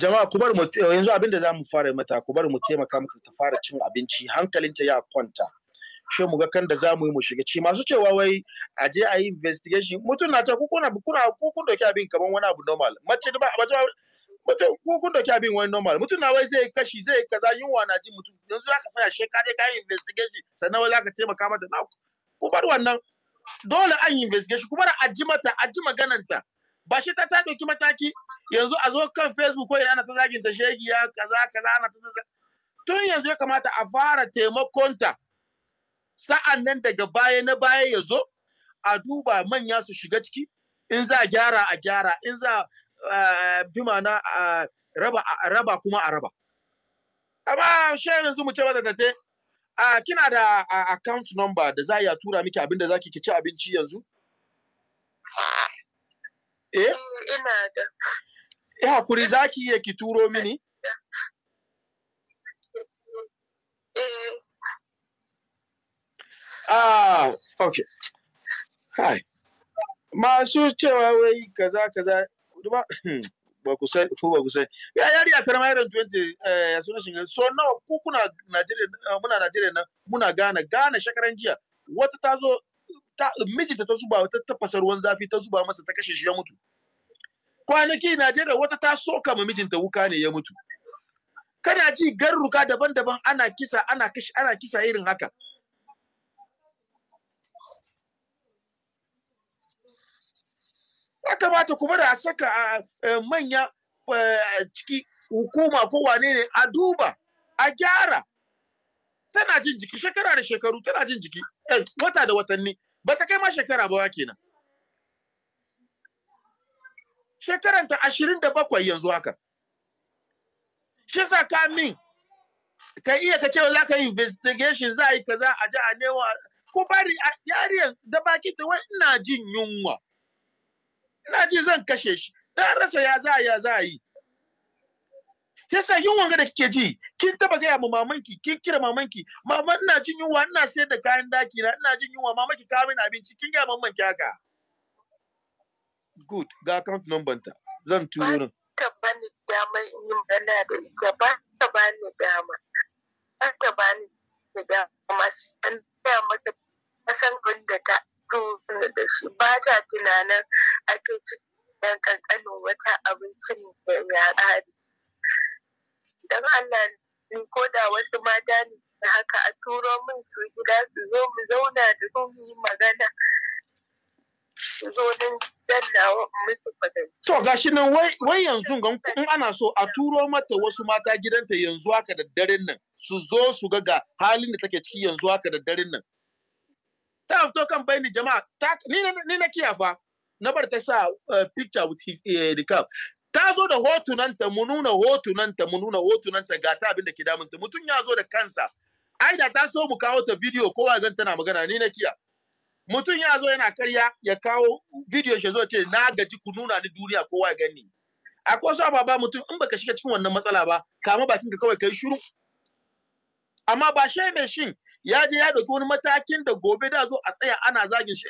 Jama'a ku bar mu yanzu abinda za mu fara mata ku bar mu taimaka muku ta fara cin abinci hankalinta ya kwanta. sai mu ga kan da zamu yi mu shiga ci masu cewa wai a je a yi investigation mutum na ta kuna kuna kun doki abin kaman wani abu normal mace ba mace ba ku kun doki abin wani normal mutum na wai zai kashi zai kaza yunwa na ji mutum yanzu zaka saya shi ka je ka yi investigation sannan wai zaka taimaka mata na ku bar wannan dole an yi investigation kuma da aji mata aji magananta ba shi ta ta doki mataki yanzu a zo kan facebook ko ina ana ta zagin ta shegiya kaza kaza ana ta tun yanzu ya kamata a fara taimakonta sa'an nan daga baya na baya ya zo a duba manya su shiga ciki in za a gyara a gyara in za eh, eh, a bi mana raba raba kuma a raba amma shi yanzu mu ce ba da a kina da account number da za a tura miki abin da zaki ki ci abinci yanzu eh, eh ina da eh hakuri zaki iya ki turo mini ah okay hi masu cewa wai kaza kaza ba hmm, ba ku sai ko ba ku sai ya yari a karama irin 20 eh ya suna shiga so nawa ku kuna Najeriya eh, muna Najeriya nan muna gana gana shakaran jiya wata ta zo ta miji ta zuba wata tafasa ruwan zafi ta zuba masa ta kashe shi ya mutu kwanaki Najeriya wata ta soka ma mijinta wuka ne ya mutu kana ji garruka daban-daban ana kisa ana kashe ana kisa irin haka ya kamata kuma da a saka a manya ciki hukuma ko wane ne a duba a gyara tana jin jiki shekara da shekaru tana jin jiki eh, wata da watanni ba ta kai ma shekara ba kenan ta ashirin da bakwai yanzu haka shi sa ka min ka iya ka ce za ka yi investigation za a yi kaza a ji a newa ko bari yariyan da baki ta wai ina jin yunwa na ji zan kashe shi na rasa ya za ya za yi yasa yunwa ga da kike ji kin taba gaya ma mamanki kin kira mamanki mama ina jin yunwa ina sayar da kayan daki na ina jin yunwa mamaki ka kawo mini abinci kin gaya mamman ki haka good ga account number ta zan turo ni ta bani dama in yi magana da ita ba ta bani dama ba ta bani dama an gaya mata kasan da ta da shi ba ta tunanin ake ce cikin kankano wata abincin da ya ƙari don allah ni ko da wasu mata ne da haka a turo min su gida su zo mu zauna da su mu yi magana su zo To gashi nan wai yanzu gan in ana so a turo mata wasu mata gidanta yanzu haka da daren nan su zo su ga ga halin da take ciki yanzu haka da daren nan. Ta fito kan bai ni jama'a ni na kiyafa na bar ta sa eh, picture with the eh, cup ta zo da hotunanta mu nuna hotunanta mu nuna hotunanta ga ta abin da ke damunta mutum ya zo da kansa ai da ta so mu kawo ta video kowa zan tana magana ni na kiya mutum ya zo yana karya ya kawo video shi zo ce na gaji ku nuna ni duniya kowa ya gani akwai sa, baba mutum in baka shiga cikin wannan matsala ba kama bakin ka kawai kai shiru amma ba shi mai shin ya je ya dauki wani matakin da gobe da zo a tsaya ana zagin shi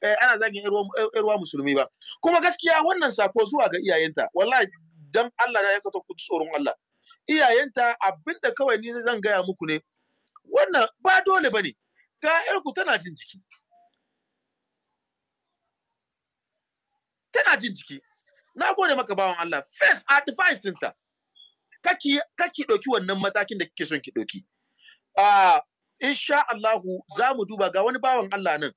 eh, ana zagin irwa musulmi ba kuma gaskiya wannan sako zuwa ga iyayenta wallahi dan Allah ya kato ku tsoron Allah iyayenta abinda kawai ni zan gaya muku ne wannan ba dole bane ga yarku tana jin jiki tana jin jiki na gode maka bawan Allah face advice ta kaki kaki ɗauki wannan matakin da kike son ki ɗauki. Ah, insha Allahu za mu duba ga wani bawan Allah nan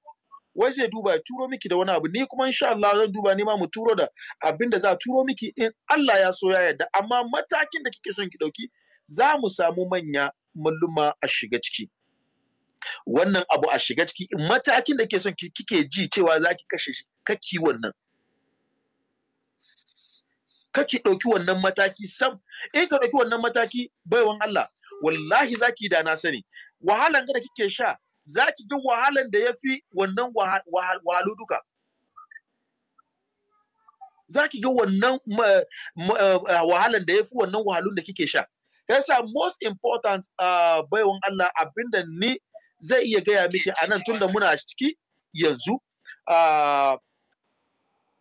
wai zai duba turo miki da wani abu ni kuma insha Allah zan duba ni ma mu turo da abin da za turo miki in Allah ya so ya yarda amma matakin da kike son ki dauki za mu samu manya malluma a shiga ciki wannan abu a shiga ciki matakin da kike son kike ji cewa za ki kashe shi kaki wannan kaki ɗauki wannan mataki sam in ka ɗauki wannan mataki baiwan Allah wallahi zaki da na sani wahalan da kike sha za ki ga wahalan da ya fi wannan wahalu duka za ki ga wannan eh, eh, wahalan da ya fi wannan wahalun da kike sha yasa most important ah, baiwan Allah abinda ni zai iya gaya miki a nan tunda muna ciki yanzu ah,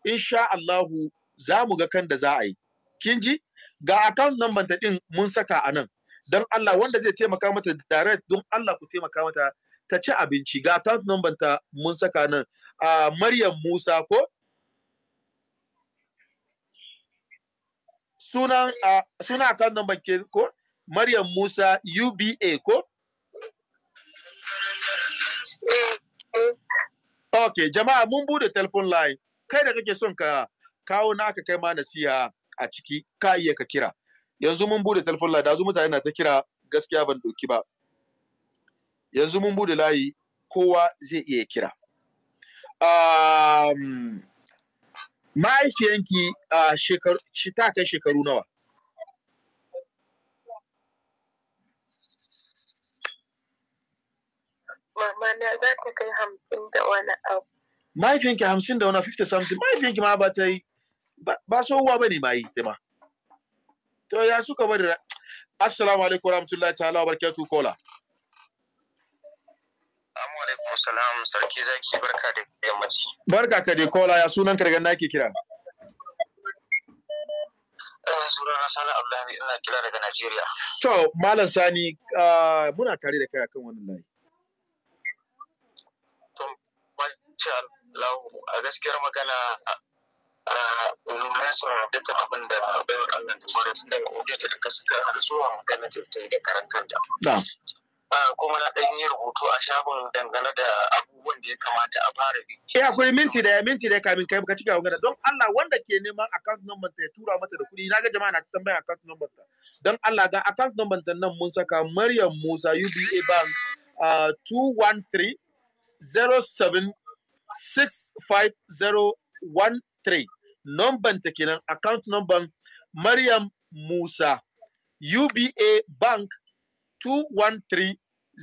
insha Allahu za mu ga kan da za a yi kin ji ga account number ta mun saka anan. don Allah wanda zai taimaka mata direct don Allah ku taimaka mata ta ci abinci ga account number ta mun saka nan a Maryam Musa ko sunan a suna account number ke ko Maryam Musa UBA ko Ok, jama'a mun bude telephone line, kai da kake son ka kawo naka kai ma nasiha a ciki, ka iya ka kira. yanzu mun bude telefon line yanzu mutane na ta kira gaskiya ban doki ba yanzu mun bude layi kowa zai iya kira um, mahaifiyanki uh, shi ta kai shekaru nawa mama na za ta kai hamsin da wani abu mahaifiyanki hamsin da wani 50 something mahaifiyanki ma ba ta yi ba so uwa ba ne ma yi ta ma to ya suka bari assalamu alaikum warahmatullahi ta'ala wabarakatuh kola Assalamu alaikum salam sarki zaki barka da yammaci barka ka dai kola ya sunan kargan nake kira eh, na Sani Abdullahi ina kira daga Najeriya. To, Malam Sani, muna tare da kai akan wannan layi. To, Allah, a gaskiyar magana Uh, na saurara dukkan abin da bayar Allah da mara tun daga audio da ka suka har zuwa magana jirgin da karan kanta. Uh, kuma na ɗan yi rubutu a shagon dangane da abubuwan da ya kamata a fara bi. Eh akwai minti da ya minti da kamin kai ka cika magana don Allah wanda ke neman account number ta ya tura mata da kuɗi naga jama'a na tambaya account number ta. Don Allah ga account number ta nan mun saka Maryam Musa UBA Bank uh, 213 07 65013 number ta kenan account number Maryam Musa UBA Bank 213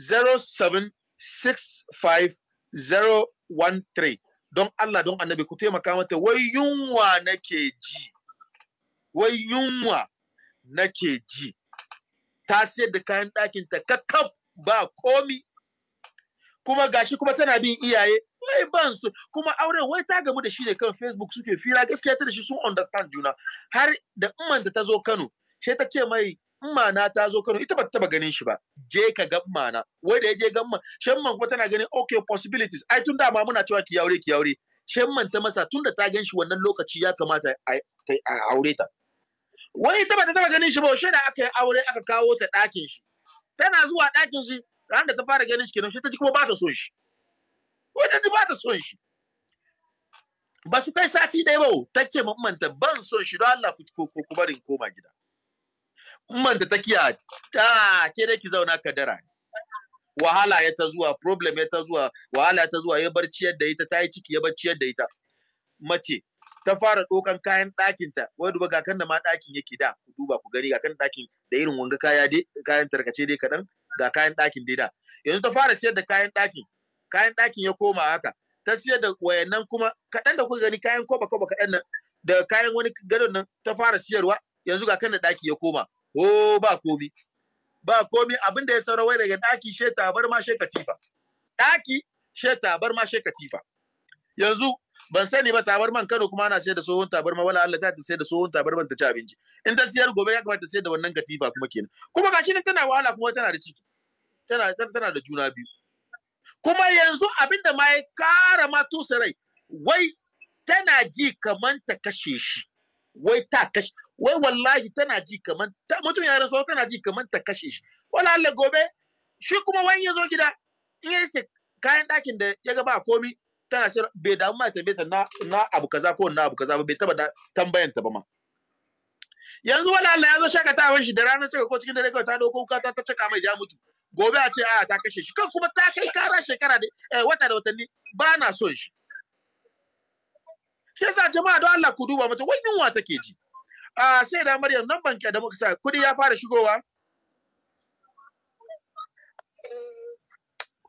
0765 013 don Allah don annabi ku taimaka mata wai yunwa nake ji wai yunwa nake ji ta sayar da kayan ɗakinta kakkaf ba komi kuma gashi kuma tana bin iyaye wai ban su kuma auren wai ta gamu da shi ne kan facebook suke fira gaskiya ta da shi sun understand juna har da umman ta zo kano sai ta ce mai na ta zo Kano ita ba ta taba ganin shi ba je ka ga mana wai da ya je gamma shemman kuma tana ganin okay possibilities ai tun da ma muna cewa ki aure ki aure shemman ta masa tun da ta gan shi wannan lokaci ya kamata a aure ta wai ita bata ta taba ganin shi ba shi da aka yi aure aka kawo ta dakin shi tana zuwa ɗakin shi ranar da ta fara ganin shi kenan ta ji kuma ba ta son shi ji ba ta son shi ba su kai sati ɗaya ba ta ce mamanta ban son shi don Allah ku ku barin koma gida mamanta ta kiya ta ke da ki zauna kadara wahala ya ta zuwa problem ya ta zuwa wahala ya ta zuwa ya bar ciyar da ita ta yi ciki ya bar ciyar da ita mace ta fara ɗokan kayan ɗakinta wai duba ga kan da ma ɗakin yake da ku duba ku gani ga kan ɗakin da irin wanga kaya dai kayan tarkace dai kaɗan ga kayan ɗakin dida yanzu ta fara siyar da kayan ɗakin kayan ɗakin ya koma haka ta siyar da wayannan kuma kaɗan da kuka gani kayan koba koba kaɗan nan da kayan wani gadon nan ta fara siyarwa yanzu ga kan da ɗaki ya koma Ho ba komi ba komi abin da ya saura wai daga ɗaki she tabar ma she katifa ɗaki she tabar ma she katifa yanzu ban sani ba man Kano kuma ana sayar da tsohon man, wala Allah ta ta sayar da tsohon man ta ci abinci in ta siyar gobe ya kamata ta sayar da wannan katifa kuma kenan kuma gashi nan tana wahala kuma tana da ciki tana tana da juna biyu kuma yanzu abin da ma ya kara ma tusa rai wai tana ji kaman ta kashe shi wai ta kashe wai wallahi tana ji kaman ta mutum ya rasu tana ji kaman ta kashe shi wala Allah gobe shi kuma wani ya zo gida in ya ce kayan ɗakin da ya ga ba komi tana sai bai damu ma tambaye ta na na abu kaza ko na abu kaza ba bai taba tambayan ta ba ma yanzu wala Allah ya zo shakatawan shi da ranar saka ko cikin dare kawai ta dauko kuka ta ta caka mai ya mutu gobe a ce a ta kashe shi kan kuma ta kai kara shekara da eh, wata da watanni ba na son shi shi yasa jama'a don Allah ku duba mata wai yunwa take ji a sai da Maryam nan banki da muka sa kudi ya fara shigowa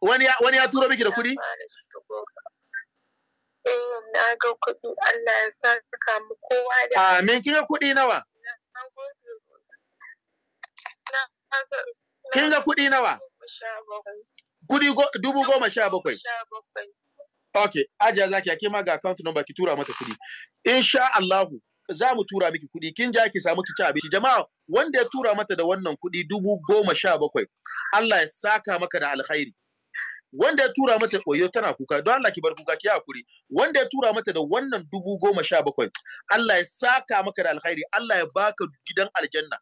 wani ya wani ya turo miki da kudi eh na ga Allah ya kowa da amin kin ga kuɗi nawa Kin ga kuɗi nawa? Kuɗi dubu goma sha bakwai. Ok, ajiya za ki ake ma ga account number ki tura mata kuɗi. Insha Allahu za mu tura miki kuɗi, kin ja ki samu ki ci abinci. Jama'a wanda ya tura mata da wannan kuɗi dubu goma sha bakwai, Allah ya saka maka da alkhairi. Wanda ya tura mata oyo tana kuka, don Allah ki bar kuka ki hakuri. Wanda ya tura mata da wannan dubu goma sha bakwai, Allah ya saka maka da alkhairi, Allah ya baka gidan aljanna.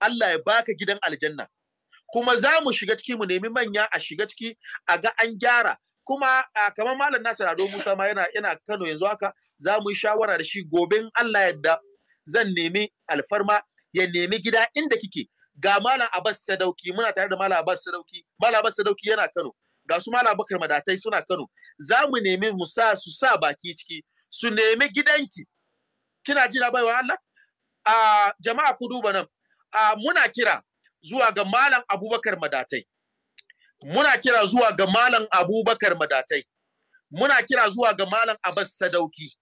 Allah ya baka gidan aljanna kuma za mu shiga ciki mu nemi manya a shiga ciki a ga an gyara kuma kamar malam Nasir Ado Musa ma yana yana Kano yanzu haka za mu yi shawara da shi gobe in Allah yadda zan nemi alfarma ya nemi gida inda kike ga malam Abbas Sadauki muna tare da malam Abbas Sadauki malam Abbas Sadauki yana Kano ga su malam Bakar Madatai suna Kano za mu nemi mu sa su sa baki ciki su nemi gidanki kina ji na baiwa Allah a jama'a ku duba nan a muna kira zuwa ga malam abubakar madatai muna kira zuwa ga malam abubakar madatai muna kira zuwa ga malam abbas sadauki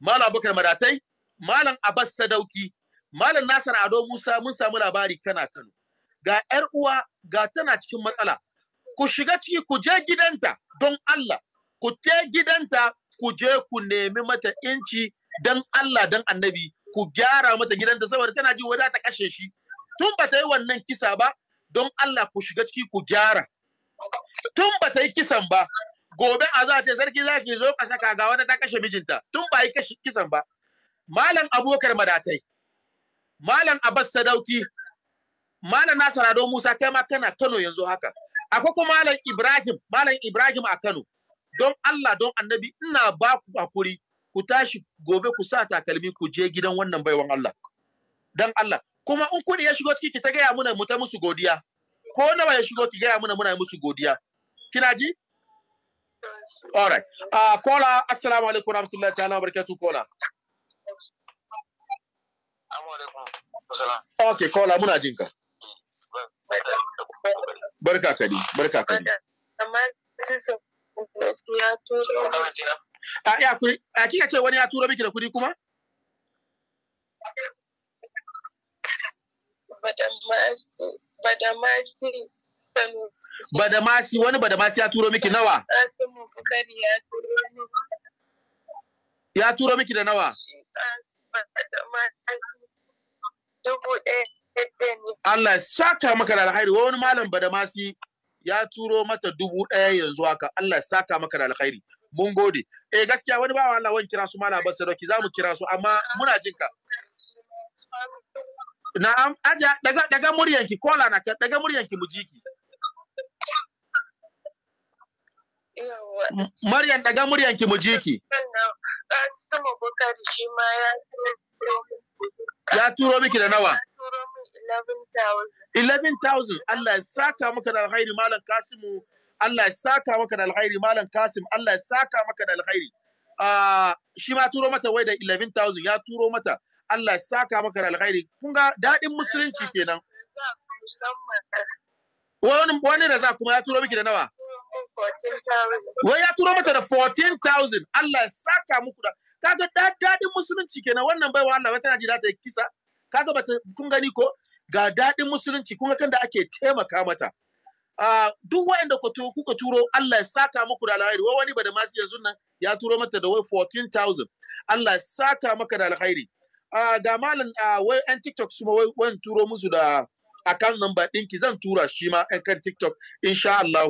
malam abubakar madatai malam abbas sadauki malam nasar ado musa mun samu labari kana kano ga yar uwa ga tana cikin matsala ku shiga ciki ku je gidanta don allah ku je gidanta ku je ku nemi mata inci don allah don annabi ku gyara mata gidan da saboda tana ji wadata ta kashe shi tun ba ta yi wannan kisa ba don Allah ku shiga ciki ku gyara tun ba ta yi kisan ba gobe a za ce sarki za ki zo ka saka ga wata ta kashe mijinta tun ba yi kisan ba malam abubakar madatai malam abbas sadauki malam nasara don musa kai ma kana kano yanzu haka akwai kuma malam ibrahim malam ibrahim a kano don Allah don annabi ina ba ku hakuri ku tashi gobe ku sa takalmi ku je gidan wannan baiwan Allah dan Allah kuma in kuɗi ya shigo ciki ki ta gaya muna mu ta musu godiya ko nawa ya shigo ki gaya muna muna musu godiya kina ji all right uh, kola assalamu alaikum rahmatullahi ta'ala barakatu, kola Okay, kola muna jin ka. Barka kadi, barka kadi. Amma sai ya turo. a ya kuri a kika ce wani ya turo miki da kuɗi kuma badamasi badamasi wani badamasi ya turo miki nawa ya turo miki da nawa Allah saka maka da alkhairi wani malam badamasi ya turo mata dubu ɗaya yanzu haka Allah saka maka da alkhairi mun gode eh gaskiya wani bawa Allah wani kira su mana ba sadauki za mu kira su amma muna jinka na'am aja daga daga muryanki kola na daga muryanki mu jiki Maryam daga muryanki mu jiki. Ya turo miki da nawa? 11,000. Allah ya saka maka da alkhairi Malam Kasimu Allah ya saka maka da alkhairi malam Kasim Allah ya saka maka da alkhairi ah shi ma turo mata wai da 11000 ya turo mata Allah ya saka maka da alkhairi kun ga dadin musulunci kenan wani wani da za kuma ya turo miki da nawa wai ya turo mata da 14000 Allah ya saka muku da kaga dadin musulunci kenan wannan wa Allah wata tana ji da ta kisa kaga bata kun gani ko ga dadin musulunci kun ga kan da ake taimaka mata Ah, duk waɗanda kuka turo Allah ya saka muku da alkhairi wai wani da masu yanzu nan ya turo mata da wai 14000 Allah ya saka maka da alkhairi ah, ga malam ah, wai yan TikTok su ma wan turo musu da account number ɗinki zan tura shi ma yan kan TikTok insha Allah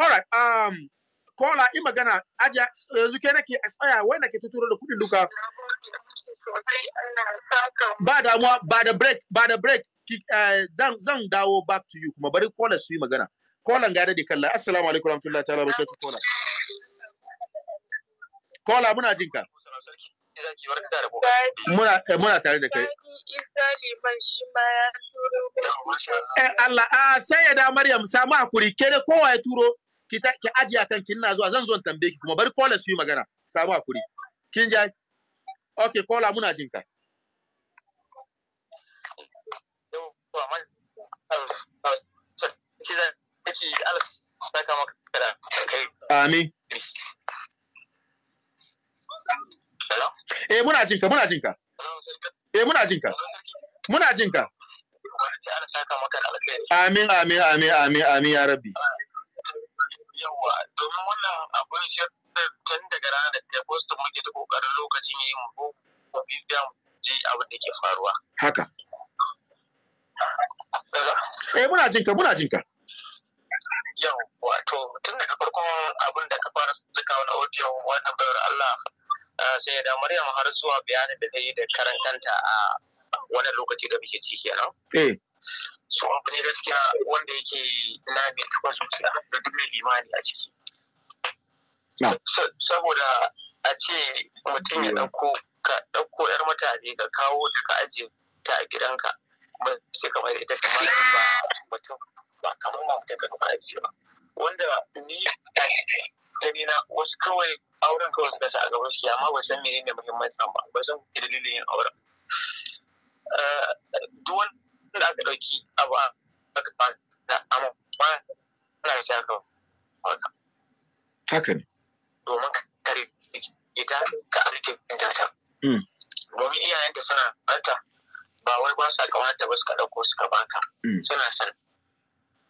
alright um kola in magana aja yanzu ke nake tsaya wai nake tuturo da kuɗin duka ba damuwa ba da break ba da break eh, zan zan dawo back to you kuma bari kola su yi magana kolan gada di kalla assalamu alaikum warahmatullahi ta'ala barakatuh kola kola muna jin ka muna eh, muna tare da kai eh Allah ah, a da Maryam samu hakuri ke da kowa ya turo ki ta ki ajiya kan kin na zuwa zan zo tambaye ki kuma bari kola su yi magana samu hakuri kin ja okay kola muna jin ka yau ba saka amin eh muna jinka muna jinka eh muna ka. muna ka. amin amin amin amin amin ya rabbi daga rana da ta posta muke da kokarin lokacin yayin mu ko ji abin haka eh muna ka, muna ka. yau wato tun daga farkon abin da ka fara zuka wani audio wannan bayar Allah eh, sai da Maryam har zuwa bayanin da ta yi da karantanta a wani lokaci da muke ciki, kenan. Eh. abu ne gaskiya wanda yake na mai tuba sosai da duk mai imani a ciki. Saboda a ce mutum ya ɗauko ka ɗauko 'yar mutane ka kawo ta ka ajiye ta a gidanka sai kamar ita kamar ba mutum ba kamar ma mutum ka aji ba wanda ni a gani na wasu kawai auren kawai suka sa a gaban su amma ba san menene muhimmancin ba ba san dalilin yin auren eh, duk wanda aka ɗauki abu aka fata amma ba na shi aka haka haka ne domin kare ita ka alƙin ta hmm. domin iyayenta suna ɓanta ba wai ba sa kamata ba ka ɗauko suka baka hmm. suna sanar.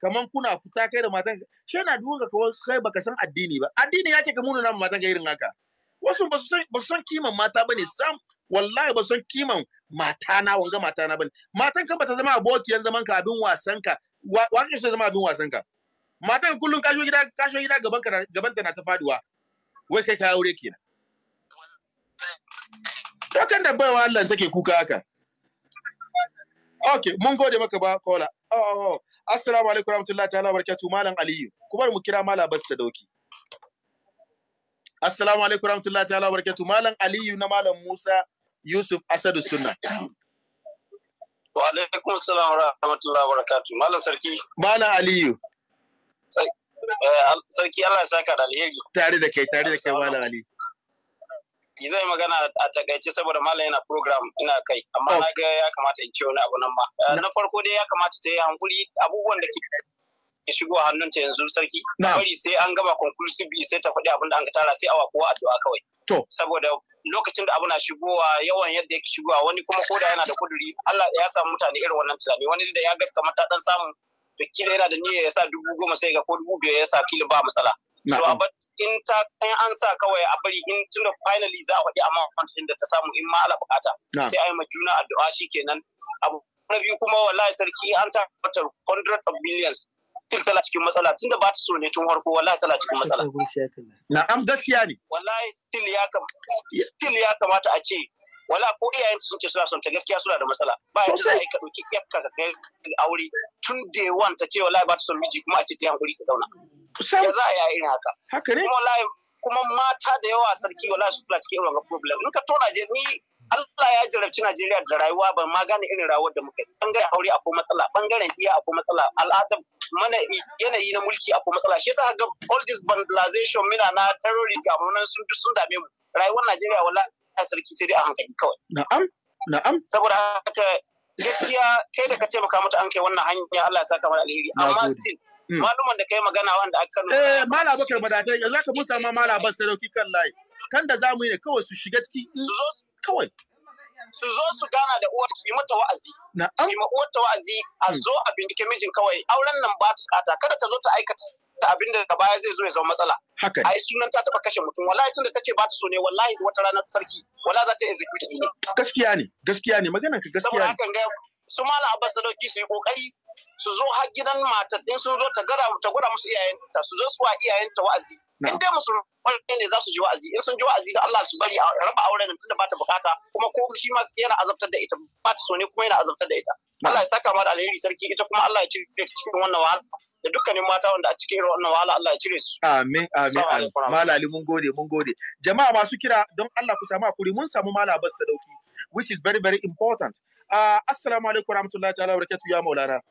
kaman kuna fita kai da matan shi yana duwan ga kawai kai baka san addini ba addini ya ce ka muna ma matan ka irin haka wasu ba su san kiman mata bane sam wallahi ba su san kiman mata na wanga mata na bane matan ba bata zama abokiyan zaman ka abin wasan ka wa ka zama abin wasan ka matan kullun kasho gida kasho gida gaban ka gaban ta na ta faduwa wai kai ka aure kenan dokan da ba Allah take kuka haka Okay, mun gode maka ba kola. Oh, oh, oh. Assalamu alaikum warahmatullahi ta'ala barakatuh Malam Aliyu. Kuma mu kira Malam Abbas dauki. Assalamu alaikum warahmatullahi ta'ala barakatuh Malam Aliyu na Malam Musa Yusuf Asadu Sunna. Wa alaikum salam warahmatullahi wabarakatuh. Malam Sarki. Malam Aliyu. Eh, Sarki Allah ya saka da alheri. Tare da kai, tare da kai Malam Aliyu. zai magana a takaice saboda malam yana program ina kai amma na ga ya kamata in ce wani abu nan ma eh, na farko dai ya kamata ta yi hankuri abubuwan da ke ya shigo hannun ta yanzu sarki bari sai an gaba conclusive sai ta faɗi abin da an ka tara sai awa kowa addu'a kawai saboda lokacin da abu na shigowa yawan yadda yake shigowa wani kuma koda yana da kuduri Allah ya sa mutane irin wannan tunani wani da ya ga kamar ta dan samu to kila yana da niyya ya sa dubu goma sai ga ko dubu biyar ya sa kila ba matsala so a bar in ta in an sa kawai a bari in tunda finally za a faɗi amma wancan da ta samu in ma ala bukata sai a yi ma juna addu'a shikenan abu na biyu kuma wallahi sarki an kwatar hundred of millions still tala cikin matsala da ba ta so ne tun harko wallahi tala cikin matsala am gaskiya ne wallahi still ya still ya kamata a ce wala ko iyayen sun ce suna son ta gaskiya suna da matsala ba yanzu za a yi ka ɗauki iyakka ka kai aure tun day one ta ce wala ba ta son miji kuma a ce ta yi hankuri ta zauna kusan za a yayin haka haka ne kuma live kuma mata da yawa sarki wala su kula cikin irin problem in ka to Najeriya ni Allah ya jarabci Najeriya da rayuwa ban ma gane irin rawar da muka yi. Bangaren aure akwai matsala, bangaren iya akwai matsala, al'adar mana yanayi na mulki akwai matsala. Shi yasa ga all this vandalization mina na terrorist ga nan sun sun dame mu. Rayuwar Najeriya wala sarki sai dai a hankali kawai. Na'am, na'am. Saboda haka gaskiya kai da ka taimaka mata an kai wannan hanya Allah ya saka mana alheri. Amma still Mm. maluman da kai magana wanda aka nuna eh mala bakar badatai yanzu aka musa ma mala ban sarauki kan layi kan da zamu yi ne kawai su shiga ciki su zo kawai su zo su gana da uwar su yi mata wa'azi su yi uwar ta wa'azi a mm. zo a bincike mijin kawai auren nan ba ta kada ta zo ta aikata ta abin da baya zai zo ya zama matsala. Haka Ai sunan ta taba kashe mutum wallahi tunda tace ba ta so ne wallahi wata ranar sarki wallahi za ta execute ne. Gaskiya ne gaskiya ne maganar ka gaskiya ne. Saboda hakan ga su mala abbas sadauki su yi kokari su zo har gidan matar in sun zo ta gura musu iyayenta su zo su wa iyayenta wa'azi in dai musulmai ne za su ji wa'azi in sun ji wa'azi da Allah su bari a raba auren tunda ba ta bukata kuma ko shi ma yana azabtar da ita ba ta so ne kuma yana azabtar da ita Allah ya saka ma da alheri sarki ita kuma Allah ya cire ta cikin wannan wahala da dukkanin mata wanda a cikin irin wannan wahala Allah ya cire su amin amin malali mun gode mun gode jama'a masu kira don Allah ku samu hakuri mun samu malaba sadauki which is very very important Uh, assalamu alaikum warahmatullahi ta'ala barakatuh ya maulana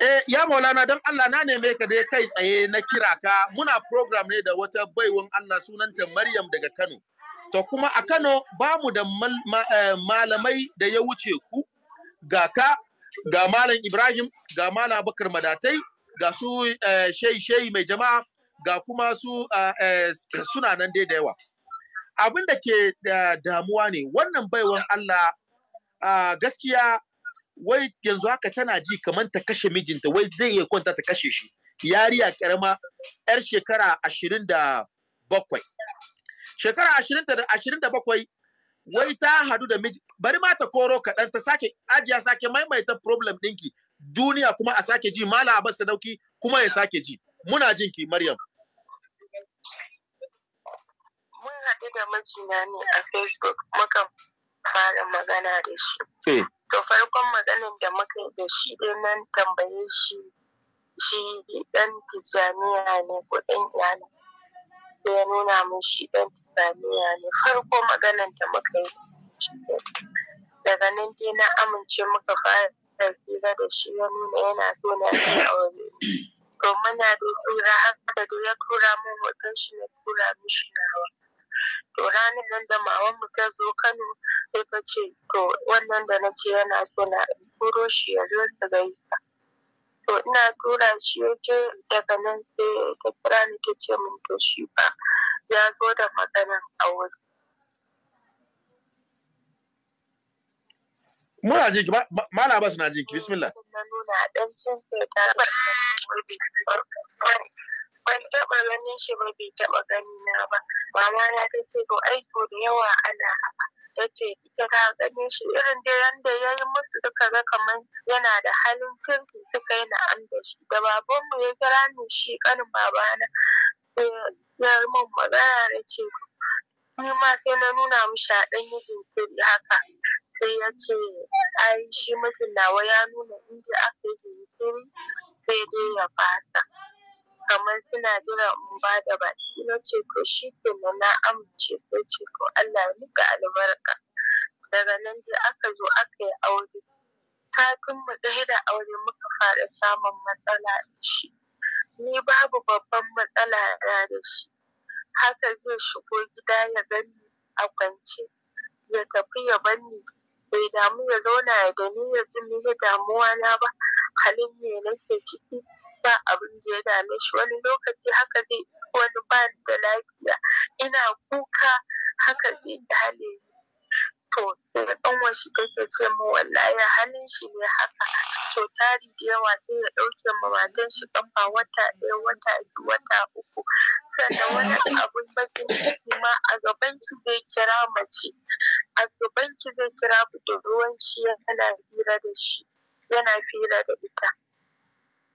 Eh, ya maulana don Allah na neme ka dai kai tsaye na kira ka muna program ne da wata baiwan Allah sunanta Maryam daga Kano. To kuma a Kano ba mu da eh, malamai da ya wuce ku ga ka ga Malam Ibrahim ga Malam Bakar Madatai ga su eh, shei shei mai jama'a ga kuma su eh, suna nan dai da yawa abin da ke da damuwa ne wannan baiwan Allah gaskiya wai yanzu haka tana ji kamar ta kashe mijinta wai zai iya kwanta ta kashe shi yariya ƙarama yar shekara ashirin da bakwai shekara ashirin da bakwai wai ta hadu da miji bari ma ta koro kaɗan ta sake ajiya sake maimaita problem ɗinki duniya kuma a sake ji mala abin sadauki kuma ya sake ji muna jin ki Maryam mun haɗu da majina ne a Facebook muka fara magana da shi eh. to farkon maganin da muka yi da shi dai nan tambaye shi shi ɗan Tijjaniya ne ko ɗan iyali da ya nuna min shi ɗan Tijjaniya ne farko maganin da muka yi daga nan dai na amince muka fara hira da shi ya nuna yana so na aure to muna da tura haka da ya tura mun hoton shi na tura mishi nawa to ranar nan da maman mu ta zo Kano sai ta ce to wannan da na ce yana so na turo shi ya zo su gaisa to ina tura shi yake daga nan sai ta kira ni ta ce mun to shi ba ya zo da maganan aure muna jinki malama na jinki bismillah na nuna dan cin sai ta ban taba ganin shi ba bai taba gani na ba mama na ta ce to aiko da yawa ana haka ta ce ita ta ganin shi irin da yanda ya yi musu suka ga kamar yana da halin kirki suka yi na'am da shi da babanmu ya kira ni shi kanin babana ya yi min magana da ce ni ma sai na nuna mishi a ɗan yi jinkiri haka sai ya ce ai shi mijin nawa ya nuna inda aka yi jinkiri sai dai ya fasa kamar suna jira in ba da baki na ce ko shi ke na amince sai ce ko Allah ya nika albarka daga nan dai aka zo aka yi aure satin mu ɗaya da aure muka fara samun matsala da shi ni babu babban matsala ya da shi haka zai shigo gida ya gani a kwance ya tafi ya bani bai damu ya zauna da ni ya ji ya damuwa na ba halin me nake ciki ba abin da ya dame shi wani lokaci haka zai wani ba da lafiya ina kuka haka zai dale to sai ɗan wasu take ce mu wallahi halin shi ne haka sau tari da yawa sai ya ɗauke ma matan shi kafa wata ɗaya wata biyu wata uku sannan wani abun bakin ciki ma a gaban ki zai kira mace a gaban ki zai kira budurwanci yana hira da shi yana fira da ita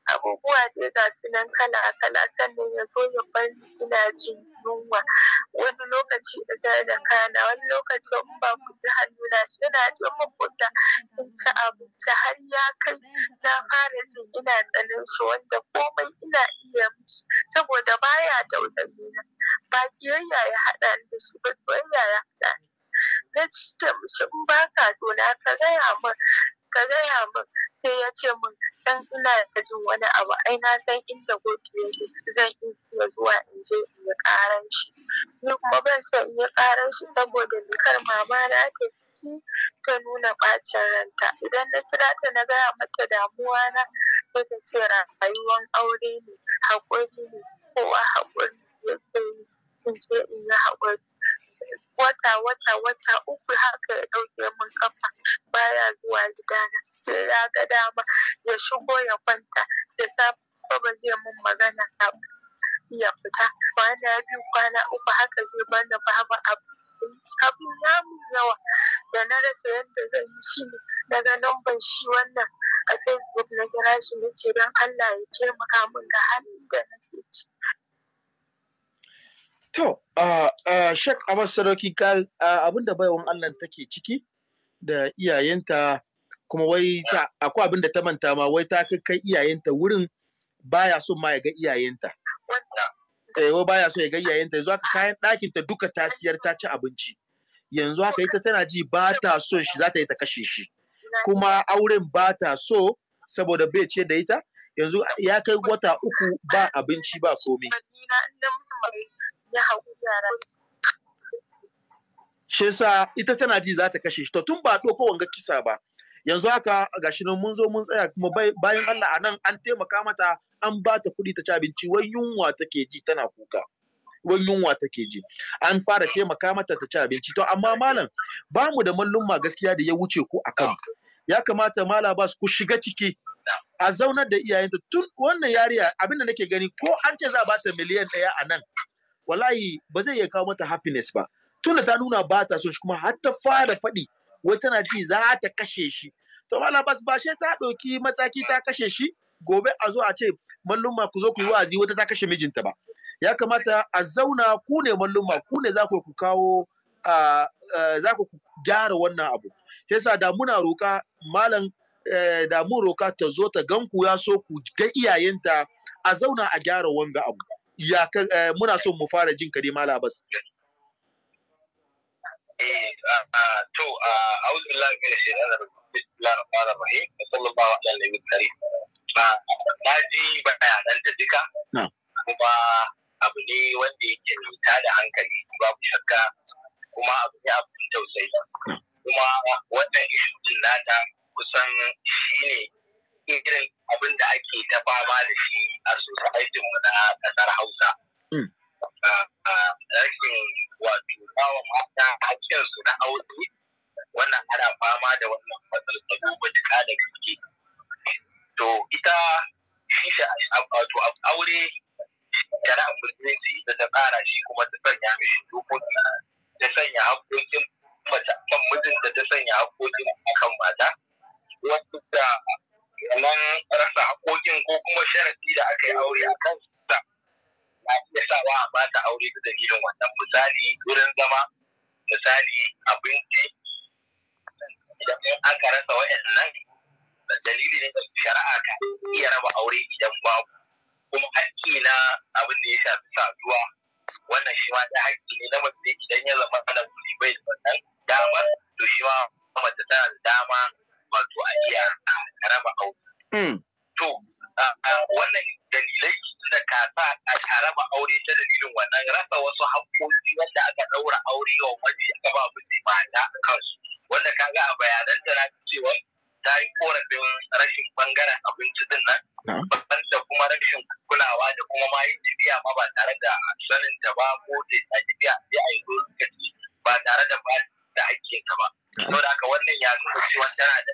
abubuwa da ga su nan kala kala sannan ya zo ya bar ina jin yunwa wani lokaci da da kana wani lokaci in ba ku ji hannuna suna je makwabta in ci abinci har ya kai na fara jin ina tsanin su wanda komai ina iya musu saboda baya daudali na ba kiyayya ya haɗa ni da su ba soyayya ya haɗa ni na ce mishi in ba ka na ka gaya min ka gaya min sai ya ce min dan ina da jin wani abu ai na san inda gobe yake zan iya zuwa in je in yi karan shi ni kuma ban san in yi karan shi saboda likar mama na ta ci ta nuna bacin ranta idan na kira ta na gaya mata damuwa na sai ta ce rayuwan aure ne haƙuri ne kowa haƙuri ne sai in je in yi haƙuri wata wata wata uku haka ya ɗauke mun kafa baya zuwa gidana sai ya ga dama ya shigo ya kwanta da safe ba zai mun magana ba ya fita kwana biyu kwana uku haka zai bani babu abu abin ya yawa da na rasa yadda zan yi shi ne daga nan ban shi wannan a facebook na kira shi na ce don allah ya taimaka mun ga halin da nake ci To, Shek Abbas Sadoki abin da baiwan Allah take ciki da iyayenta kuma wai ta akwai abin da ta manta ma wai ta kai iyayenta wurin baya son ma ya ga iyayenta. Eh wai baya son ya ga iyayenta yanzu haka kayan ɗakin ta duka ta siyar ta ci abinci. Yanzu haka ita tana ji ba ta son shi za ta yi ta kashe shi. Kuma auren ba ta so saboda bai ce da ita yanzu ya kai wata uku ba abinci ba komai. She sa shi yasa ita tana ji za ta kashe shi to tun ba ɗauko wanga kisa ba yanzu haka gashi nan mun zo mun tsaya kuma bayan Allah a nan an taimaka mata an ba ta kuɗi ta ci abinci wai yunwa take ji tana kuka wai yunwa take ji an fara taimaka mata ta ci abinci to amma malam ba mu da mallumma gaskiya da ya wuce ku akan ya kamata malam ba su ku shiga ciki a zaunar da iyayenta tun wannan yariya abinda nake gani ko an ce za a ta miliyan ɗaya a nan wallahi ba zai iya kawo mata happiness ba tunda ta nuna ba ta son shi kuma har ta fara faɗi wai tana ji za ta kashe shi to malam bas ba ta ɗauki mataki ta kashe shi gobe a zo a ce mallumma ku zo ku yi wa'azi wata ta kashe mijinta ba ya kamata a zauna ku ne ma ku ne za ku ku kawo za ku gyara wannan abu yasa da muna roka malam eh, da mun roka ta zo ta ganku ya so ku ga iyayenta a zauna a gyara wanga abu ya ka eh, muna son mu fara jin ka mala bas eh, to a billahi minash shaitanir rajim bismillahir na ji bayanan ta duka kuma abu ne wanda yake ta da hankali babu shakka kuma abu ne tausayi kuma wannan ishu nata kusan ne irin abin da ake ta fama da shi a sosaitin mu na kasar Hausa. Mm. Rashin wato bawa mata hakkin su na aure wannan ana fama da wannan matsalolu matuƙa da gaske. To ita shi wato aure shara musulunci ita ta ƙara shi kuma ta sanya mishi dokoki ta sanya haƙoƙin mace kan mijinta ta sanya haƙoƙin akan mata. Wasu da kaman rasa haƙoƙin ko kuma sharafi da aka yi aure a kan sa na iya sawa a bata aure da dalilin wannan misali wurin zama misali abinci idan aka rasa wa'annan dalili ne da shari'a ka iya raba aure idan babu kuma haƙƙi na abin da ya shafi saduwa wannan shi ma da haƙƙi ne na mace idan ya zama na bai da wannan damar to shi ma mace tana da dama wato a iya raba aure. Hmm. To wannan dalilai da ka sa a raba aure ta dalilin wannan rasa wasu haƙƙoƙi wanda aka ɗaura aure wa maji aka ba miji mata a kansu. Wanda ka ga a bayanan ta na cewa ta yi korafin rashin bangaren abinci din nan. da kuma rashin kulawa da kuma ma yi jibiya ma ba tare da sanin ta ba ko da ta jibiya sai a yi lokaci ba tare da ba da hakkinta ba. Saboda haka wannan ya nuna cewa tana da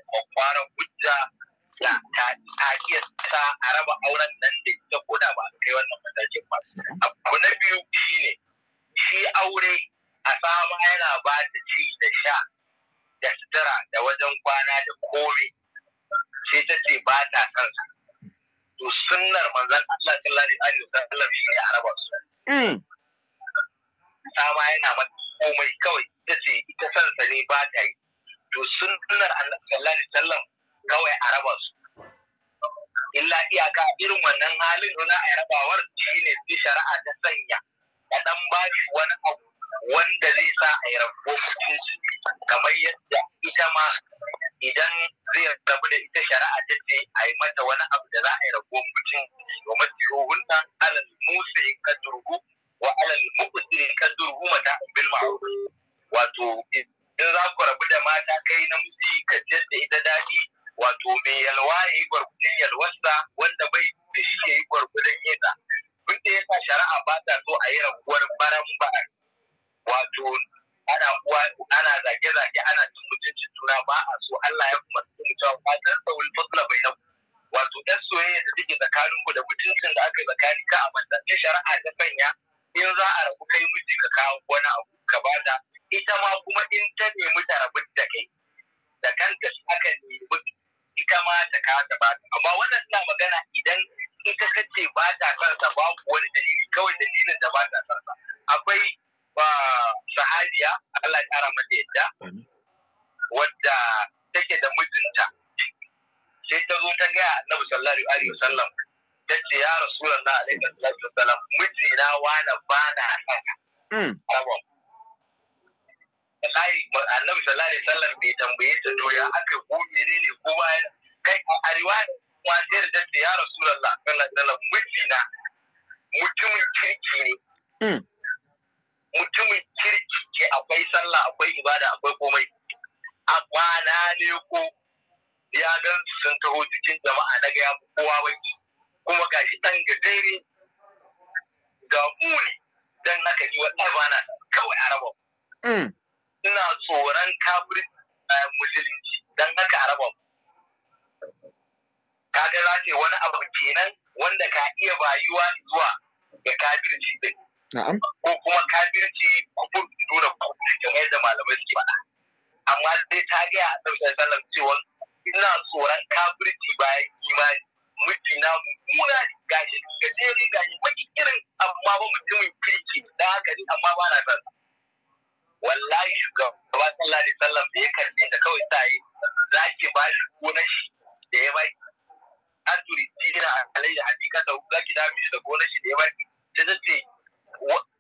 alayhi hakikata hu ki dami mishi da gona shi da ya baki sai ta ce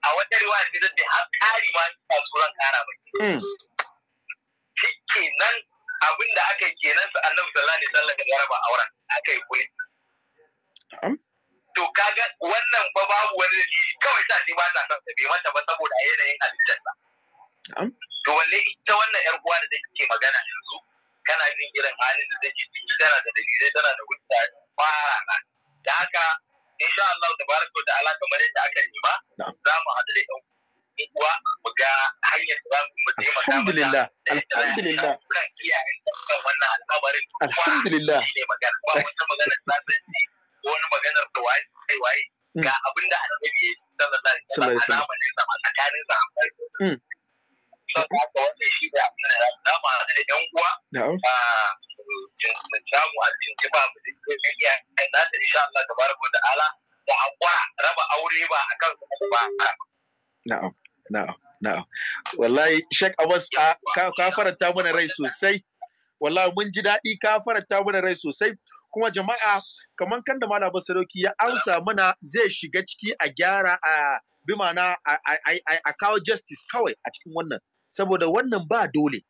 a wata riwaya sai ta ce har kari ma ta so kara ba hmm. shi kenan abin da aka yi kenan su annabi sallallahu alaihi wasallam ya raba auren aka yi kuli to kaga wannan ba babu wani shi kawai sai ce ba ta san sai bai mata ba saboda yanayin ba. to walle ita wannan yar uwa da take magana yanzu kana jin irin halin da take ciki tana da dalilai tana da hujja fara da haka insha Allah tabaraka da ala kamar yadda aka yi ba za mu haɗu da yan uwa mu ga hanyar da za mu mu taimaka alhamdulillah alhamdulillah kan iyayen kan wannan al'amarin alhamdulillah ne magana ba wata magana ta tsanci ko wani maganar da wai kai wai ga mm. abinda annabi sallallahu alaihi wasallam alama ne sa tsakanin sa saboda haka wannan shi da abin da za mu haɗu da yan uwa ah, mu samu a cikin jiba mu da iya na ta insha Allah tabaraka wa ta'ala da haƙura raba aure ba akan ba na'am na'am na'am wallahi shek abbas ka faranta mana rai sosai wallahi mun ji daɗi ka faranta mana rai sosai kuma jama'a kamar kan da sadauki ya amsa mana zai shiga ciki a gyara a bi mana a kawo justice kawai a cikin wannan saboda wannan ba dole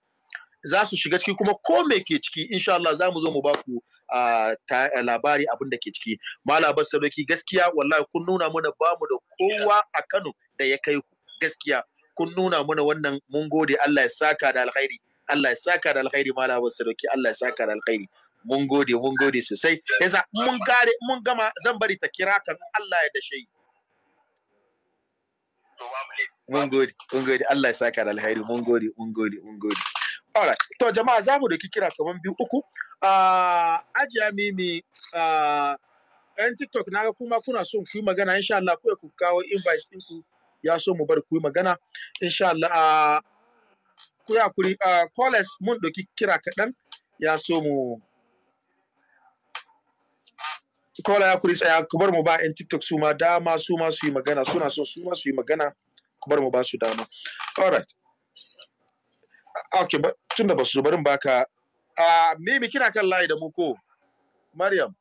za su shiga ciki kuma ko me ke ciki insha Allah za mu zo mu baku labari abin da ke ciki mala Sadoki gaskiya wallahi kun nuna mana ba mu da kowa a Kano da ya kai ku gaskiya kun nuna mana wannan mun gode Allah ya saka da alkhairi Allah ya saka da alkhairi mala Sadoki. Allah ya saka da alkhairi mun gode mun gode sosai yasa mun kare mun gama zan bari ta kira kan Allah ya dashe to babu mun gode mun gode Allah ya saka da alheri mun gode mun gode mun gode alright to jama'a za mu doki kira kaman biyu uku uh, ah, ajiya mimi uh, ah, yan tiktok na kuma kuna son ku yi magana insha Allah ku ku kawo invite ku ya so mu bar ku yi magana insha Allah uh, ku ya kuri uh, college mun doki kira kaɗan ya so mu kola ya kuri tsaya ku bar mu ba yan tiktok su ma dama su ma su yi magana suna so su ma su yi magana bari mu ba su dama all right. okay tunda ba su barin baka a ah, mimi kina kan layi da mu ko maryam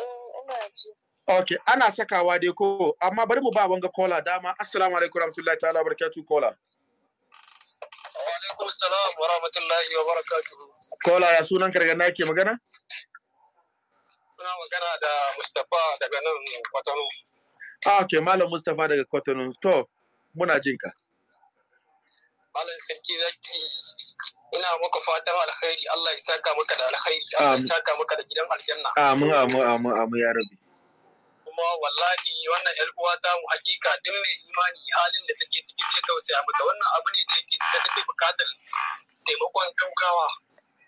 eh, Okay, ana sakawa dai ko amma bari mu ba wanga kola dama assalamu alaikum warahmatullahi ta'ala barakatuh kola wa alaikum salam wa rahmatullahi wa barakatuh kola ya sunan ka daga nake magana Suna magana da Mustapha daga nan Kwatano Ah, ke Malam Mustapha daga Kwatano. To, muna jin ka. Malam Sarki zaki ina maka fatan alkhairi Allah ya saka maka da alkhairi Allah ya saka maka da gidan aljanna. Amin amin amin amin ya rabi. Kuma wallahi wannan yar uwa ta mu hakika duk mai imani halin da take ciki zai tausaya mata wannan abu ne da yake da take bukatar taimakon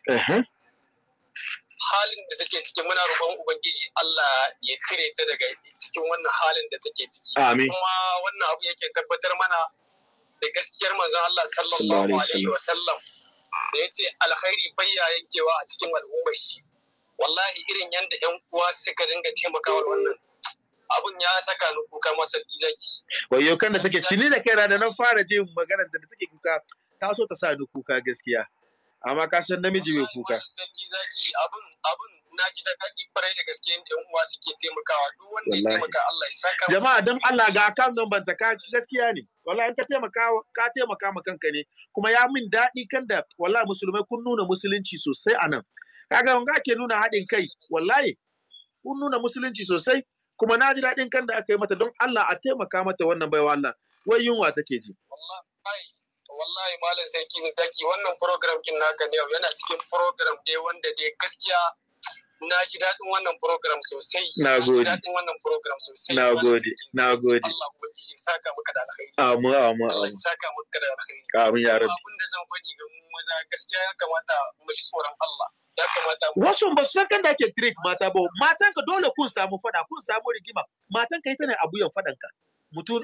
eh halin da take ciki muna roƙon ubangiji Allah ya cire ta daga cikin wannan halin da take ciki kuma wannan abu yake tabbatar mana da gaskiyar manzon Allah sallallahu alaihi wa sallam da yace alkhairi bayya yankewa a cikin al'ummar shi wallahi irin yanda yan uwa suka dinga taimakawa wannan abun ya saka ni kuka masarki zaki wayo kan da take cini da kai da nan fara jin maganar da take kuka ta so ta sa ni kuka gaskiya amma ka san namiji mai kuka jama'a don Allah ga kan nan banta ka gaskiya ne wallahi ka taimaka ka taimaka ma kanka ne kuma ya min daɗi kan da wallahi musulmai kun nuna musulunci sosai anan kaga wanga ke nuna haɗin kai wallahi kun nuna musulunci sosai kuma na ji daɗin kan da aka yi mata don Allah a taimaka mata wannan baiwa Allah wai yunwa take ji wallahi wallahi malam sarki da zaki wannan program din naka ne yana cikin program dai wanda dai gaskiya na ji daɗin wannan program sosai na gode daɗin wannan program sosai na gode na gode Allah ya saka maka da alheri amin amin amin saka maka da alheri amin ya rabbi abin da zan faɗi ga mu maza gaskiya ya kamata mu ji tsoron Allah Wasu ba su san kan da ake treat mata ba, matanka dole kun samu fada, kun samu rigima, matanka ka ita ne abuyan fadanka mutum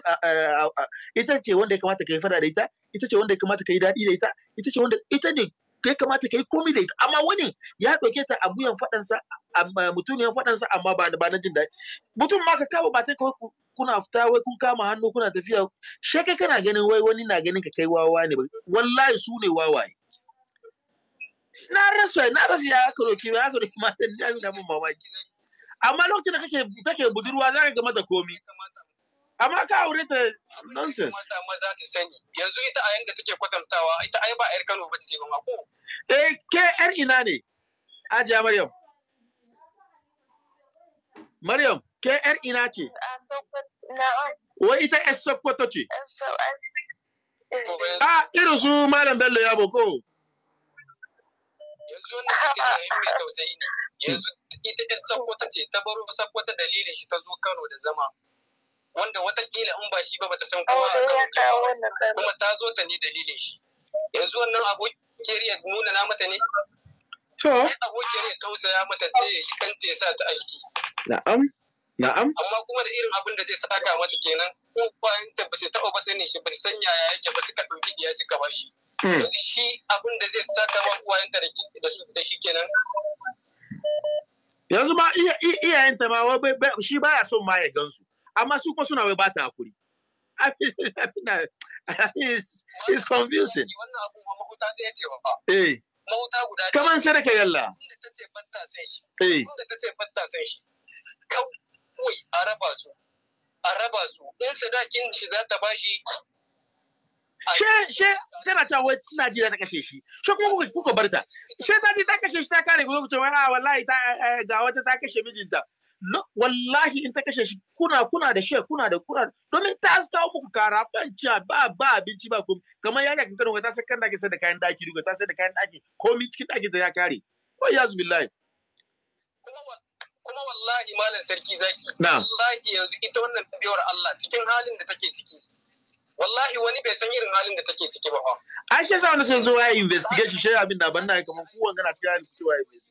ita ce wanda ya kamata ka yi fada da ita ita ce wanda ya kamata ka yi daɗi da ita ita ce wanda ita ne yi kamata ka yi komi da ita amma wani ya ɗauke ta abuyan faɗansa ya faɗansa amma ba na jin daɗi mutum ma ka kama ba ta kawai kuna fita wai kun kama hannu kuna tafiya she kai kana ganin wai wani na ganin ka kai wawa ne wallahi su ne wawaye na rasa na rasa ya aka roki ya aka roki matan ya nuna mun mamaki amma lokacin da kake take budurwa za ka ga mata komi amma ka aure ta nonsense za su sani yanzu ita a yanda take kwatantawa ita ai ba yar Kano bace ba ko eh ke yar ina ne Ajiya Maryam Maryam ke yar ina ce wai ita yar Sokoto ce a irin su Malam Bello ya boko yanzu wannan ita mai tausayi ne yanzu ita yar Sokoto ce ta baro Sokoto dalilin shi ta zo Kano da zama wanda watakila in ba shi ba bata san kowa a kan kuma ta zo ta ne dalilin shi yanzu wannan abokiyar ya nuna na mata ne abokiyar ya tausaya mata ce shi kanta ya sa ta aiki na'am na'am amma kuma da irin abin da zai saka mata kenan ko bayan ta ba su taɓa ba ne shi ba su san yaya yake ba su ka ɗauki ya suka ka bashi hmm. yanzu shi abin da zai saka ma ta da shi kenan yanzu ma iyayenta ma shi baya son ma ya gansu amma su kuma suna wai ba ta hakuri It's confusing eh kaman ka yalla eh kawai a raba su a raba su in sadakin shi ta bashi she she tana ta wai tana ji ta kashe shi she kuka barta she ta ji ta kashe shi ta kare ku lokacin wai a ah, wallahi ta eh, eh, ga wata ta kashe mijinta wallahi in ta kashe shi kuna kuna da shi kuna da kuna domin ta ta muku kara ban ciya ba ba abinci ba kuma kamar yariya kan kano ta sai kan dake sai da kayan daki duka ta sai da kayan daki komai cikin daki da ya kare ko ya zu billahi kuma wallahi malam sarki zaki wallahi yanzu ita wannan tabiyar Allah cikin halin da take ciki wallahi wani bai san irin halin da take ciki ba fa ai sai yasa wani sun zo ya investigation shi abin da ban da kamar kuwan kana cikin halin take ciki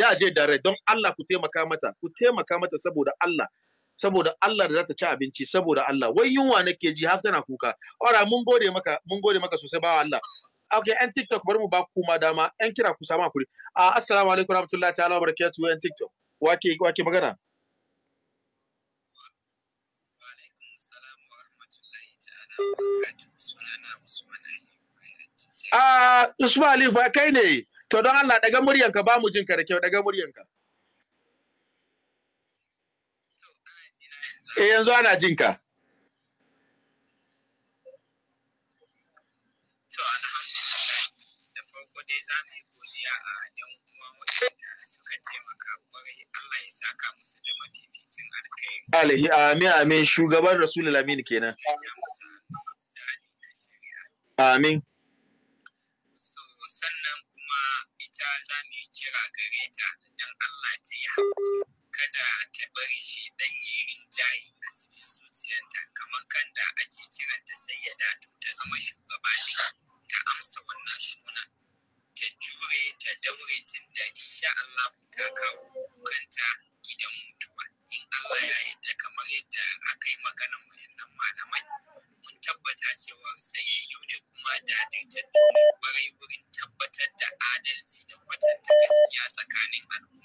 ya je dare don Allah ku taimaka mata ku taimaka mata saboda Allah saboda Allah da za ta ci abinci saboda Allah wai yunwa nake ji har tana kuka ora mun gode maka mun gode maka sosai bawa Allah okay yan TikTok bari mu ba ku ma dama yan kira ku sama kuri a ah, assalamu alaikum warahmatullahi ta'ala wabarakatuh yan TikTok wake wake magana Ah, Usman Ali kai ne. To don Allah daga muryanka ba mu jin ka da kyau daga muryanka. Eh yanzu ana jin ka. To alhamdulillah da farko dai za mu yi godiya a yan uwa wanda suka taimaka kwarai Allah ya saka musu da mafificin alkhairi. Alhi amin amin shugaban Rasulul kenan. Amin. kada ta bari shi dan yi rinjaye a cikin zuciyarta kamar kanda ake kiranta sai ya to ta zama shugaba ne ta amsa wannan suna, ta jure ta daure tun da insha Allah ta kawo kanta gidan mutuwa in Allah ya yarda kamar yadda aka yi mu nan malamai mun tabbata cewa tsayayyu ne kuma da ne barai wurin tabbatar da adalci da kwatanta gaskiya tsakanin al'umma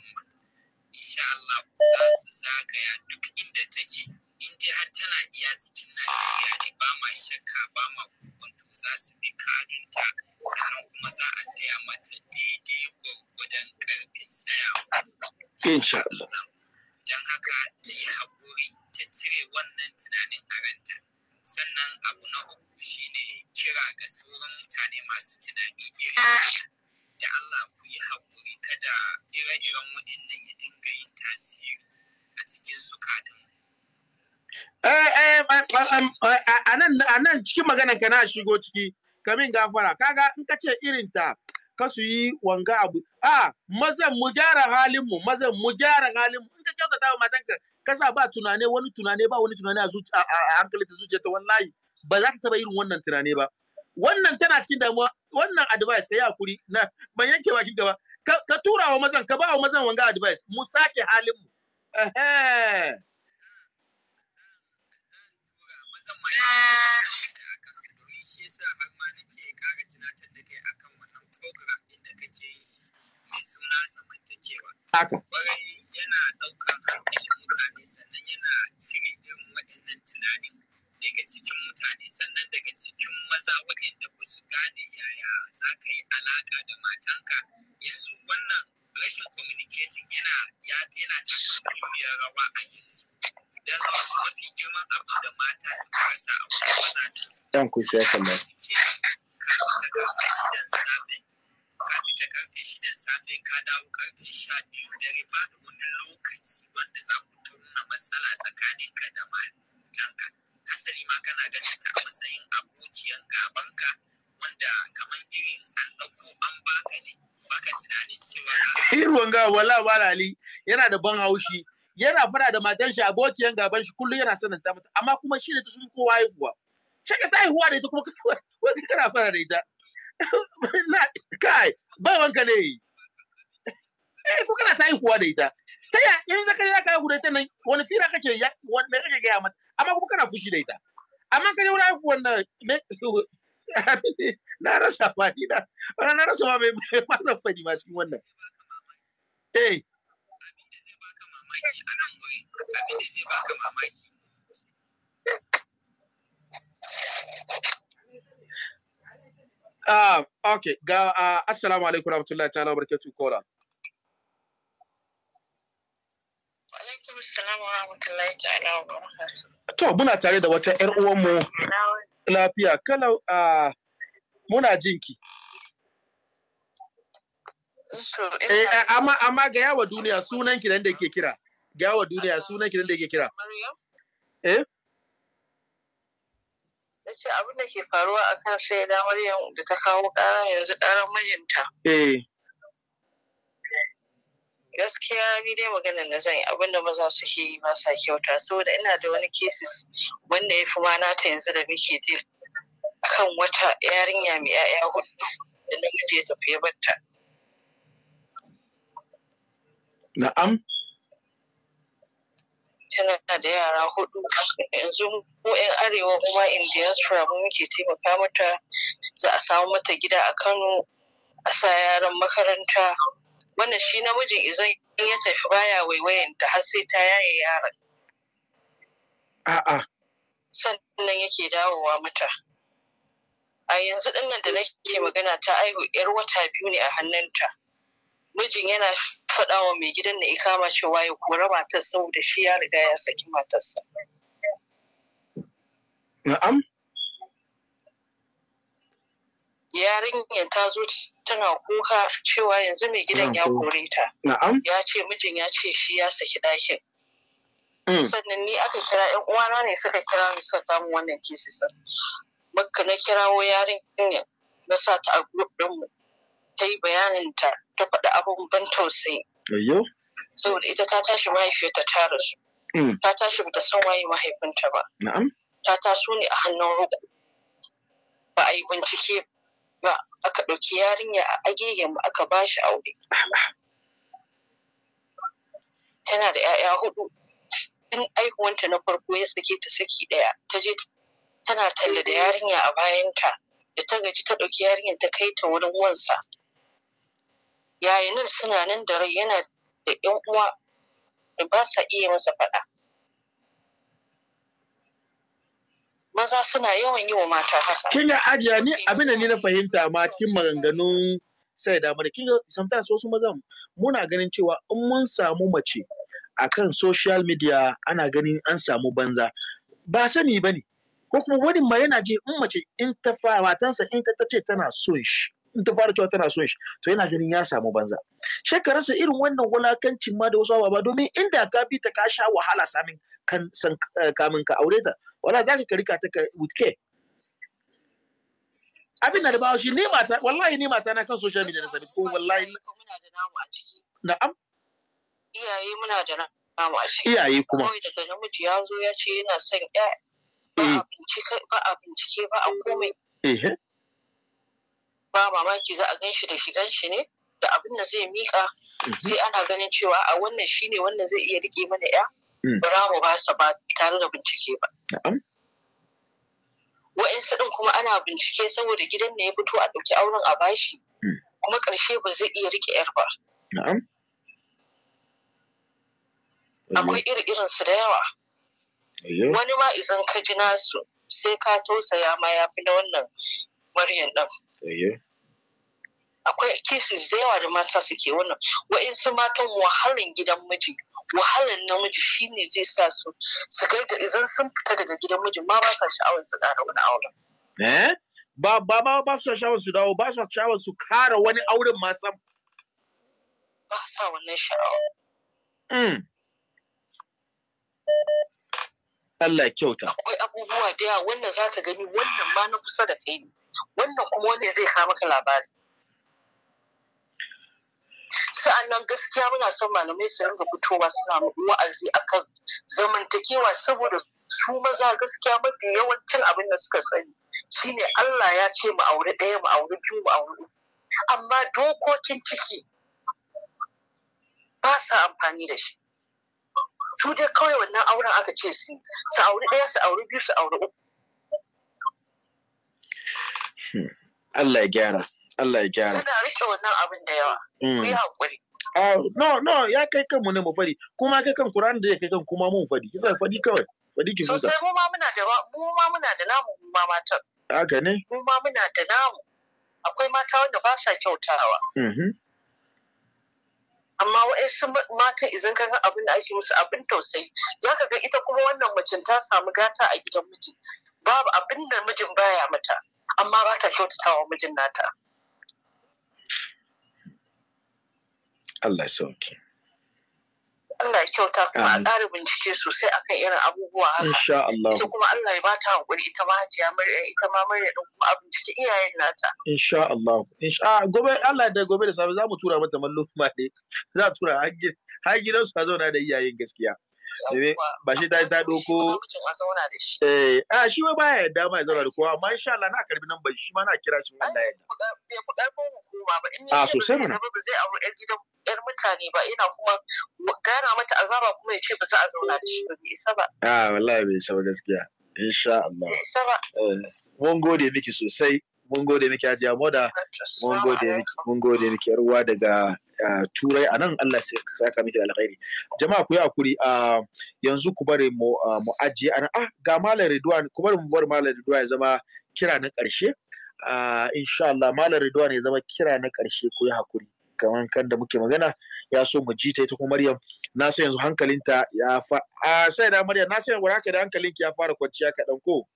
insha Allah za su zagaya duk inda take in dai har tana iya cikin Najeriya ne ba ma shakka ba ma hukuntu za su bi kadunta sannan kuma za a tsaya mata daidai gwargwadon karfin tsayawa. Insha Don haka ta yi haƙuri ta cire wannan tunanin a ranta. Sannan abu na uku shine kira ga sauran mutane masu tunani iri. a nan cikin maganar ka na shigo ciki kamin gafara kaga in ka ce irin ta ka su yi wanga abu a mazan mu gyara halin mu mazan mu gyara halin mu in ka kyautata wa matan ka sa ba tunane wani tunane ba wani tunane a hankali ta zuciya ta wallahi ba za ka taba irin wannan tunane ba wannan tana cikin damuwa wannan advice ka yi hakuri na ban yanke bakin gaba ka tura wa mazan ka ba wa mazan wanga advice mu sake halin mu haka. Kwarai yana ɗaukar hankalin mutane sannan yana cire waɗannan tunani daga cikin mutane sannan daga cikin maza waɗanda ba su gane yaya za ka yi alaƙa da matanka yanzu wannan rashin communicating yana yana taka muhimmiyar rawa a yanzu. Idan mafi girman abu da mata suka rasa a wajen mazajen su. Yan ku sai kallon. Kafin karfe shidan safe, kafin ta karfe shidan safe ka dawo karfe sha biyu dare ba da wani lokaci wanda za ku tauna matsala tsakanin ka da matanka. asali ma kana ganin ta a matsayin abokiyan gabanka wanda kamar irin an ɗauko an baka ne baka tunanin cewa. Irwan wanga wala walali yana da ban haushi. yana fara da matan shi abokiyan gaban shi kullum yana sananta mata amma kuma shi da ta sun kowa haihuwa shaka ta haihuwa da ita kuma wani kana fara da ita na kai bai wanka ne yi eh ko kana ta haihuwa da ita ta ya in zaka yi zaka haihu da ita nan wani fira kake ya wani me kake gaya mata amma kuma kana fushi da ita amma wani wurin wannan nan na rasa fadi na na rasa ma mai masa fadi ma cikin wannan eh mamaki a nan wuri abin da zai baka mamaki Ah, okay. Ga uh, assalamu alaikum warahmatullahi ta'ala wa barakatuh kola. alaikum assalam wa ta'ala wa barakatuh. To muna tare da wata ƴar uwanmu lafiya kalau a ah, muna jinki. Eh, eh amma amma ga yawa duniya sunan ki da ke kira. gawa duniya sunan ki da yake kira eh ce abin da ke faruwa a kan sai da Maryam da ta kawo ƙara yanzu ƙarar mijinta. Eh. Gaskiya ni dai magana na zan abin da maza suke yi ba sa kyauta saboda ina da wani cases wanda ya fi mana ta yanzu da muke ji akan wata yarinya mai 'ya'ya hudu da namiji ya tafi ya Na'am. tana da yara hudu yanzu ko yan arewa kuma in diaspora mu muke taimaka mata za a samu mata gida a kano a sa yaran makaranta wannan shi namijin izan ya tafi baya waiwayen ta har sai ta yaye yaran a'a sannan yake dawowa mata a yanzu dinnan da nake magana ta aihu yar wata biyu ne a hannunta mijin yana faɗa wa mai gidan na ikama cewa ya kora matar saboda shi ya riga ya saki matarsa. Na'am? Yarinyar ta zo tana kuka cewa yanzu mai gidan ya kore ta. Na'am? Ya ce mijin ya ce shi ya saki ɗakin. Mm. Sannan ni aka kira 'yan uwana ne suka kira ni suka kama wannan kisisan, Makka na kirawo yarinyar na sa ta a group ta yi bayanin ta ta faɗi abubuwan tausayi ayyo saboda ita ta tashi mahaifiyarta ta rasu mm. ta tashi bata san waye mahaifinta ba na'am ta taso ne a hannun roƙo ba a yi bincike ba aka ɗauki yarinya a agegen ba aka ba shi aure tana da 'ya'ya hudu tun aihuwanta na farko ya sake ta saki ɗaya ta je tana talla da yarinya a bayanta da ta gaji ta ɗauki yarinyar ta kai ta wurin wansa yayanin suna nan da rai yana da yan uwa da ba sa iya masa faɗa maza suna yawan yi wa mata haka kin ga ajiya ni abin da ni na fahimta ma cikin maganganun sai da mana kin ga sometimes wasu mazan muna ganin cewa in mun samu mace akan social media ana ganin an samu banza ba sani bane ko kuma wani ma yana ji in mace in ta fara matansa in ta ce tana son shi in ta fara cewa tana son shi to yana ganin ya samu banza shekararsa irin wannan wulakancin ma da wasu ababa domin inda ka bi ta ka sha wahala samin kan san eh, kamin ka aure ta wala za ka rika ta with care abin da ba shi ni mata wallahi ni mata na kan social media na sabi ko wallahi muna da namu a ciki na'am iyaye muna da namu a ciki iyaye kuma kawai daga namiji ya zo ya ce yana son ya ba eh. a bincike ba a komai ba mamaki za a gan shi da shigan shi ne da abin da zai mika mm-hmm. sai ana ganin cewa a wannan shine wannan zai iya rike mana ya mm. ba za mu ba ba tare da bincike ba wa'insu ɗin kuma ana bincike saboda gidan da ya fito a ɗauki auren a bashi mm. kuma ƙarshe ba zai iya rike yar ba akwai iri irin su da yawa wani ma izan ka ji nasu sai ka tausaya ma ya fi na wannan maryan ɗin akwai kesis da yawa da mata suke wannan wa'insu matan wahalan gidan miji wahalan namiji shine zai sa su su kai da idan sun fita daga gidan miji ma ba sa sha'awar su ƙara wani auren eh ba ba ba ba sa sha'awar su dawo ba su sha'awar su kara wani auren ma sam ba sa wannan sha'awa mm. Allah kyauta. Akwai abubuwa da yawa wannan zaka gani wannan ma na kusa da kai ne. Wannan kuma wanda zai kawo maka labari. sa'annan gaskiya muna son malamai su ringa fitowa suna wa'azi akan zamantakewa saboda su maza gaskiya mafi yawancin abin da suka sani shine Allah ya ce mu aure ɗaya mu aure biyu mu aure uku amma dokokin ciki ba sa amfani da shi su dai kawai wannan auren aka ce su su aure ɗaya su aure biyu su aure uku hmm. Allah ya gyara Allah ya gyara suna rike wannan abin da yawa mm. ku yi hakuri Uh, ah, no no ya kai kan mu ne mu fadi kuma kai kan Kur'an da ya kai kan kuma mun fadi kisa fadi kawai fadi ki zuta sosai mu ma muna da mu ma muna da namu mu ma matan haka ne mu ma muna da namu akwai mata wanda ba sa kyautawa mm-hmm. amma waɗansu matan idan ka ga abin da ake musu abin tausayi za ka ga ita kuma wannan macin ta samu gata a gidan miji babu abin da mijin baya mata amma ba ta kyautatawa mijin nata Allah sauki. Allah ya kyauta kuma a ƙara bincike sosai akan irin abubuwa haka. Insha Allah. Ita kuma Allah ya ba ta hankuri ita ma hajiya murya ita ma murya din kuma a bincike iyayen nata. Insha Allah. Insha gobe Allah da gobe da safe za mu tura mata mallo ma dai. Za a tura har gidansu a zauna da iyayen gaskiya. ba shi ta ta doko eh a shi ba baya yadda ma ya zauna da kowa amma insha Allah na karbi nan shi ma na kira shi wanda ya yadda a sosai mana ba zai abu yar gidan yar mutane ba ina kuma gana mata azaba kuma ya ce ba za a zauna da shi ba bai isa ba a wallahi bai isa ba gaskiya insha Allah isa ba. Eh, mun gode miki sosai mun gode miki hajiya moda mun gode miki mun gode miki yar uwa daga turai anan Allah ka saka miki da alkhairi jama'a ku yi hakuri yanzu ku bari mu mu ajiye anan ah ga malam Ridwan ku bari mu bar malam Ridwan ya zama kira na ƙarshe insha Allah malam Ridwan ya zama kira na ƙarshe ku yi hakuri Kaman kan da muke magana ya so mu ji ta ita kuma Maryam na san yanzu hankalinta ya fa sai da Maryam na san yanzu haka da hankalinki ya fara kwanciya kaɗan ko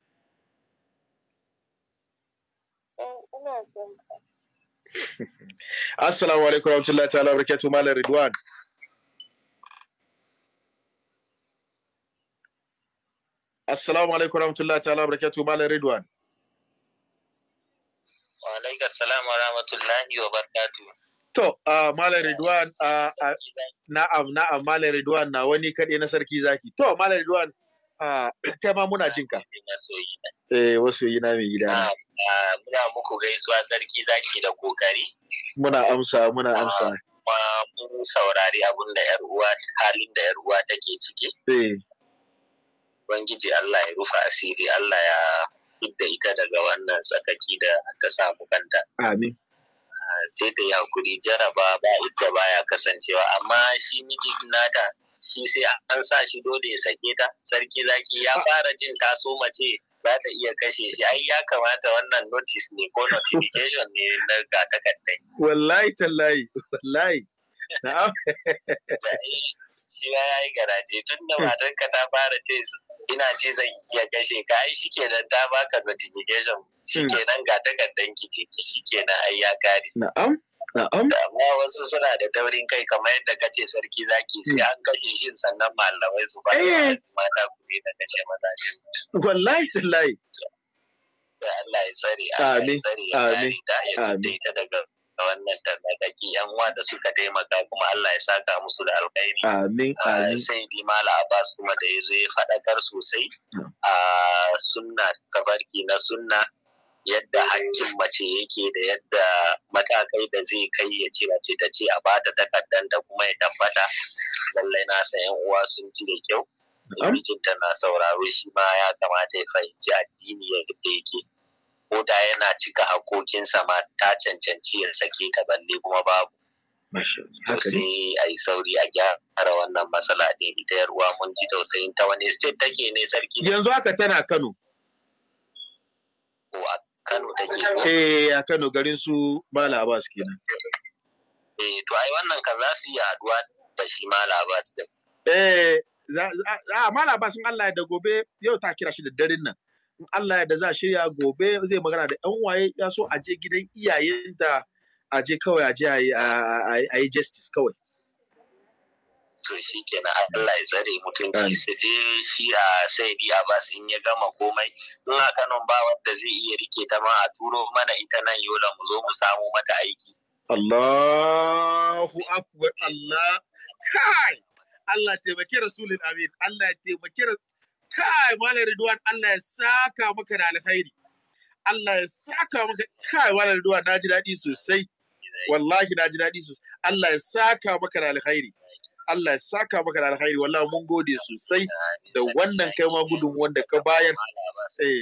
Assalamu alaikum warahmatullahi ta'ala barakatu Malam Ridwan. Assalamu alaikum warahmatullahi ta'ala barakatu Malam Ridwan. Wa alaikum assalam wa barakatu To, uh, Malam Ridwan, uh, uh, na'am, na'am, Malam Ridwan na wani kaɗe na sarki zaki. To, Malam Ridwan, Ah, kai ma muna jin ka. Eh wasu yi na mai gida. Ah, muna muku gaisuwa sarki zaki da kokari. Muna amsa muna ah, amsa. Mun saurari abin da yar uwa halin da yar uwa take ciki. Eh. Allah ya rufa asiri Allah ya fidda ita daga wannan tsakaki da ta samu kanta. Amin. Sai ta yi hakuri jaraba ba ita baya kasancewa amma shi miji nata shi sai an sa shi dole ya sake ta sarki zaki ya ah. fara jin taso mace za ta iya kashe shi ai ya kamata wannan notice ne ko notification ne na ga takardai wallahi tallahi wallahi na'am shi ya yi garaje tun da matarka ta fara ce ina ce zan iya kashe ka ai shi kenan ta baka notification shi hmm. kenan ga takardan ki shi kenan ai ya kare na'am Amma wasu suna da taurin kai kamar yadda kace sarki zaki sai hmm. an kashe shi sannan malamai su ba eh. mata kuɗi da kashe maza shi. Wallahi tallahi. Allah ya tsare. Amin. Amin. Amin. Ta daga wannan tarnaƙaƙi yan uwa da suka taimaka kuma Allah ya saka musu da alkhairi. Amin. Ah, amin. Sai di Mala Abbas kuma da ya zo ya faɗakar sosai hmm. a ah, sunna tabarki na sunna. yadda hakkin mace yake da yadda matakai da zai kai ya ce mace ta ce a bata takardar da kuma ya tabbata lallai na san yan uwa sun ji da kyau mijinta na sauraro shi ma ya kamata ya fahimci addini yadda yake ko da yana cika hakokinsa ma ta cancanci ya sake ta balle kuma babu sai a yi sauri a gyara wannan matsala ɗin ita yarwa mun ji tausayin ta wani state take ne sarki yanzu haka tana kano Kano take. Eh a Kano garin su Mala Abbas kenan. Eh to ai wannan kan za su yi haduwa da shi Mala Abbas Eh a Mala Abbas in Allah ya da gobe yau ta kira shi da daren nan. In Allah ya da za shirya gobe zai magana da ɗan waye ya so a je gidan iyayenta a je kawai a je a yi justice kawai. to shi kenan Allah ya tsare mutunci su je shi a sai biya ba in ya gama komai in a nan ba wanda zai iya rike ta ma a turo mana ita nan yola mu zo mu samu mata aiki Allahu akbar Allah kai Allah ya taimake rasulun amin Allah ya taimake kai malam Ridwan Allah ya saka maka da alkhairi Allah ya saka maka kai malam Ridwan na ji daɗi sosai wallahi na ji daɗi sosai Allah ya saka maka da alkhairi Allah ya saka maka da alkhairi wallahi mun gode sosai da wannan kai ma gudun wanda ka bayar eh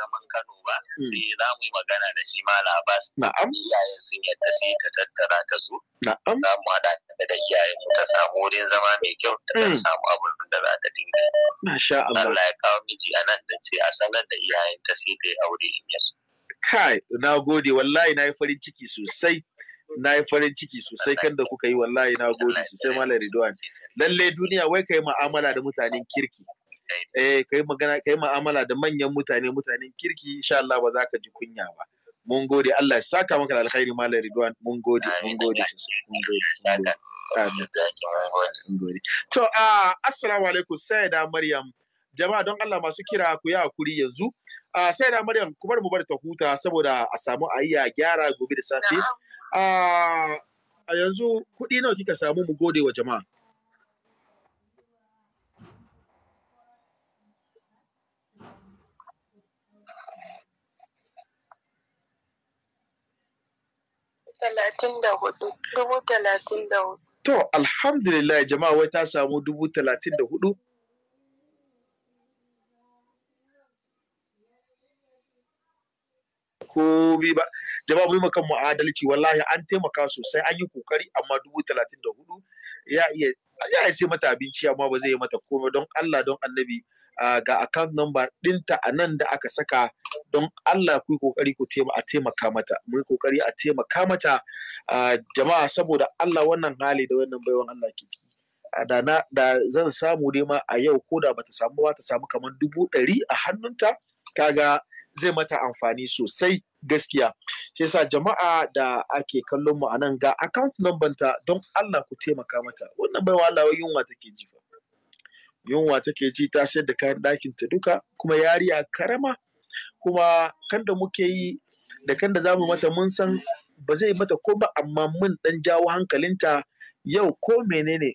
zaman Kano ba hmm. sai za mu yi magana da shi Malam Abbas na'am iyayen sun yadda sai ka tattara ka zo na'am za mu hada da iyayen mu ta samu wurin zama mai kyau ta hmm. samu abun da za ta dinga masha Allah Allah ya kawo miji a nan da sai a da iyayen ta sai ta aure in yaso kai na gode wallahi na yi farin ciki sosai na yi farin ciki sosai kan da kuka yi wallahi na gode sosai malam Ridwan lalle duniya wai kai mu'amala da mutanen kirki eh kai magana kai mu'amala da manyan mutane mutanen kirki insha Allah ba za ka ji kunya ba mun gode Allah ya saka maka da alkhairi malam Ridwan mun gode mun gode sosai mun gode to ah assalamu alaikum sai da Maryam jama'a don Allah masu kira ku yi hakuri yanzu sai da Maryam ku bar mu bar ta huta saboda a samu a gyara gobe da safe Ah, a yanzu kuɗi nawa kika samu mu gode wa jama'a talatin da hudu dubu talatin da hudu to alhamdulillah jama'a wai ta samu dubu talatin da hudu komi ba jama'a mu yi kan mu'adalci wallahi an taimaka sosai an yi kokari amma dubu talatin da hudu ya iya ya sai mata abinci amma ba zai yi mata komai don Allah don annabi ga account number dinta a nan da aka saka don Allah ku yi kokari ku a taimaka mata mu yi kokari a taimaka mata jama'a saboda Allah wannan hali da wannan baiwan Allah ke ciki da na da zan samu dai ma a yau ko da bata samu ba ta samu kamar dubu ɗari a hannunta kaga zai mata amfani sosai gaskiya shi yasa jama'a da ake kallon mu anan ga account number ta don Allah ku taimaka mata wannan bai Allah wai yunwa take ji fa yunwa take ji ta sayar da kayan ɗakin ta duka kuma yariya karama kuma kan da muke yi da kan da zamu mata mun san ba zai mata ko ba amma mun dan jawo hankalinta yau ko menene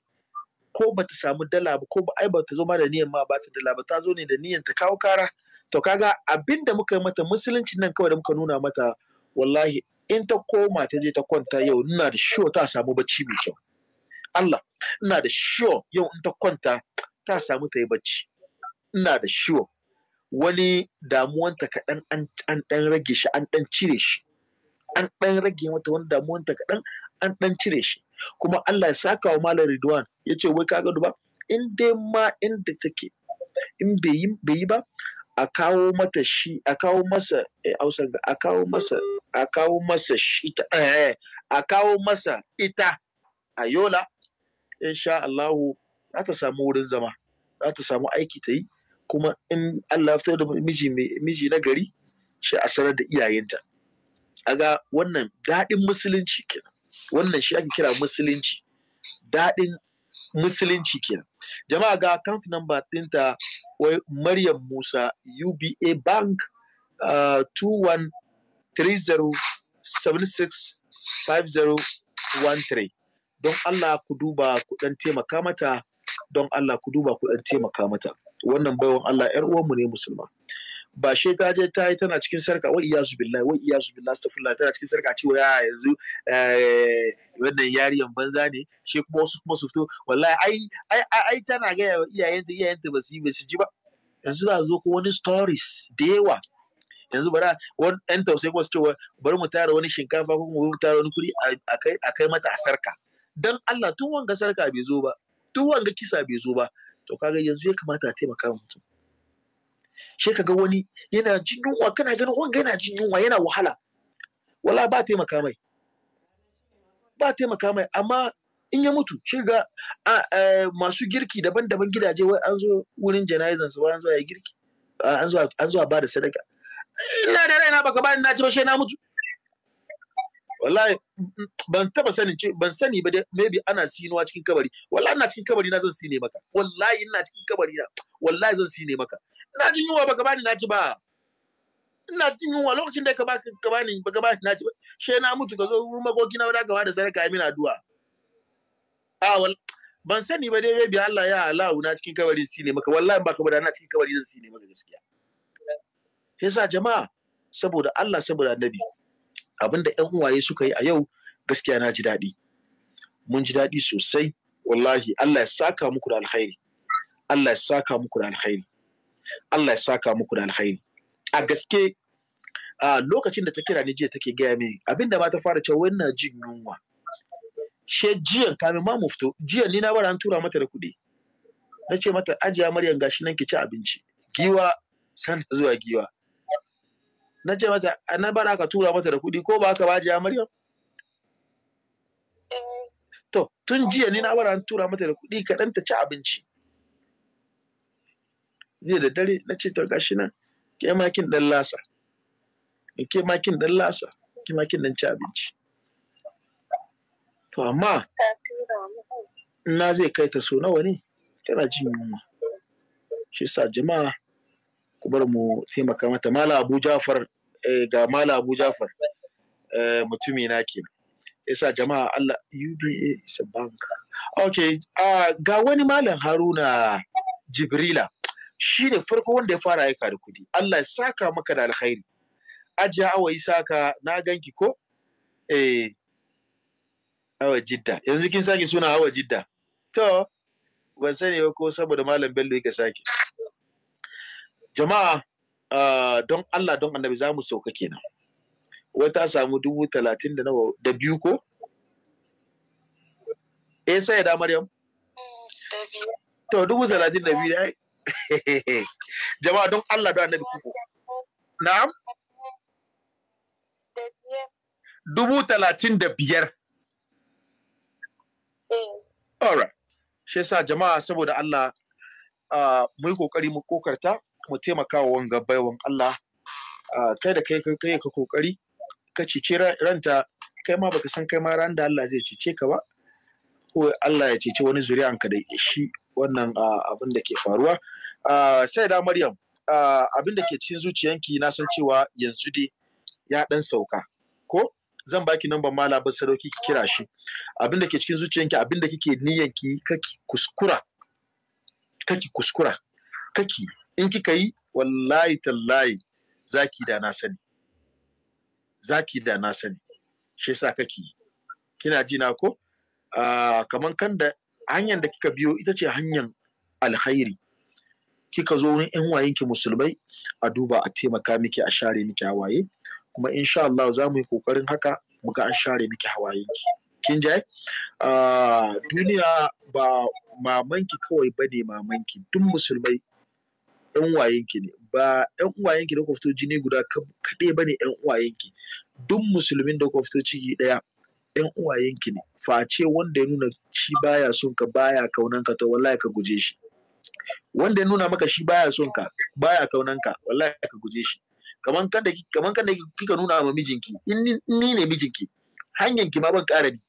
ko bata samu dala ba ko ba ai bata zo ma da niyan ma ba dala ba ta zo ne da niyan ta kawo kara to kaga abinda muka yi mata musulunci nan kawai da muka nuna mata wallahi in ta koma ta je ta kwanta yau ina da shiwo ta samu bacci mai kyau Allah ina da shiwo yau in ta kwanta ta samu ta yi bacci ina da shiwo wani damuwanta kaɗan an ɗan rage shi an ɗan cire shi an ɗan rage mata wani damuwanta kaɗan an ɗan cire shi kuma Allah ya saka wa Malam Ridwan ya ce wai kaga duba in dai ma inda take in bai yi ba a kawo mata shi a kawo masa eh, hausar ga a kawo masa a kawo masa shi eh, a kawo masa ita a yola insha Allah za ta samu wurin zama za ta samu aiki ta yi kuma in Allah fitar da miji miji na gari shi a sanar da iyayenta A ga wannan daɗin musulunci kenan wannan shi ake kira musulunci daɗin musulunci kenan jama'a ga account number ɗinta maryam musa uba bank uh, 2130765013 don allah ku duba ku taimaka mata don allah ku duba ku taimaka mata wannan baiwan allah 'yar uwanmu ne musulma ba she ta je ta yi tana cikin sarka Wai iya billahi Wai iya billahi astaghfirullah tana cikin sarka cewa a ah, yanzu eh, wannan yariyan banza ne shi kuma wasu kuma su fito wallahi ai ai ai tana ga iyayenta iyayenta ba su yi ba ji ba yanzu za zo ko wani stories da yawa yanzu bara wani ɗan tausayi kuma su ce bari mu tara wani shinkafa ko mu tara wani kuri a kai mata a sarka dan Allah tun wanga sarka bai zo ba tun wanga kisa bai zo ba to kaga yanzu ya kamata a taimaka mutum shi ka ga wani yana jin yunwa kana ganin wanga yana jin yunwa yana wahala wala ba taimaka mai ba taimaka mai amma in ya mutu shi ga masu girki daban-daban gidaje wai an zo wurin janayizan su an zo ya girki an zo a ba da sadaka ina da na baka ba ni na ci ba shi na mutu wallahi ban taba sanin ce ban sani ba maybe ana sinuwa cikin kabari wallahi ina cikin kabari na zan sine maka wallahi ina cikin kabari na wallahi zan sine maka ina jin yunwa baka bani na ba ina jin yunwa lokacin da ka baka ka bani baka bani na ba she na mutu ka zo wurin magogi na ba da sarka ai mina addu'a a wal ban sani ba dai maybe Allah ya halahu na cikin kabari sine maka wallahi baka bada na cikin kabari zan sine maka gaskiya yasa jama'a saboda Allah saboda annabi Abin da ƴan uwaye suka yi a yau gaskiya na ji daɗi mun ji daɗi sosai wallahi Allah ya saka muku da alkhairi Allah ya saka muku da alkhairi Allah ya saka muku da alkhairi a gaske a lokacin da ta kira ni jiya take gaya min abinda ma ta fara cewa wannan jin yunwa she jiyan kamin ma mu fito jiyan ni na bara an tura mata da kuɗi na ce mata ajiya maryam gashi nan ki ci abinci giwa san zuwa giwa na ce mata anan bara ka tura mata da kuɗi ko ba ka baje a maryam eh. to tun jiya ni na bara an tura mata da kuɗi kaɗan ta ci abinci jiya da dare na ce ta gashi nan ke makin ɗan lasa ke makin ɗan lasa ke makin ɗan ci abinci to amma na zai kai ta so nawa ne tana jin yunwa shi sa jama'a ku bar mu taimaka mata mala abu jafar Eh, ga Mala Abu Jafar eh, mutumi na kenan yasa jama'a Allah UBA is a bank okay ga wani malam Haruna Jibrila shi ne farko wanda ya fara aika da kudi Allah ya saka maka da alkhairi ajiya awa saka na ganki ko eh awa jidda yanzu kin sake suna awa jidda to ban sani ba ko saboda malam Bello ka sake jama'a Ah, don Allah don annabi za mu sauka kenan wai ta samu dubu talatin da nawa da biyu ko eh sai da maryam to dubu talatin da biyu dai jama'a don Allah don annabi kuku na'am dubu talatin da biyar eh. alright shi yasa jama'a saboda Allah ah, mu yi kokari mu kokarta mu taimaka wa wanga baiwan Allah kai da kai kai ka kokari ka cece ranta kai ma baka san kai ma ran da Allah zai cece ka ba ko Allah ya cece wani ka da shi wannan abin da ke faruwa sai da Maryam abin da ke cikin zuciyanki na san cewa yanzu dai ya dan sauka ko zan baki mala ba sarauki ki kira shi abin da ke cikin zuciyanki abin da kike niyyanki kaki kuskura kaki kuskura kaki in kika yi wallahi tallahi zaki da na sani zaki da na sani shi yasa kake kina ji na ko ah, kaman kan da hanyar da kika biyo ita ce hanyar alkhairi kika zo wurin yan wayenki musulmai a duba a taimaka miki a share miki hawaye kuma insha Allah za mu yi kokarin haka muka an share miki hawayenki kin je ah, duniya ba mamanki kawai bane mamanki duk musulmai 'yan uwayenki ne ba 'yan uwayenki da kuka fito jini guda kaɗai ba ne 'yan uwayenki duk musulmin da kuka fito ciki ɗaya 'yan uwayenki ne face wanda ya nuna shi baya son ka baya kaunan ka to wallahi ka guje shi wanda ya nuna maka shi baya son ka baya kaunan ka wallahi ka guje shi kaman kanda kaman kada kika nuna ma mijinki in ni ne mijinki hanyanki ma ban ƙara bi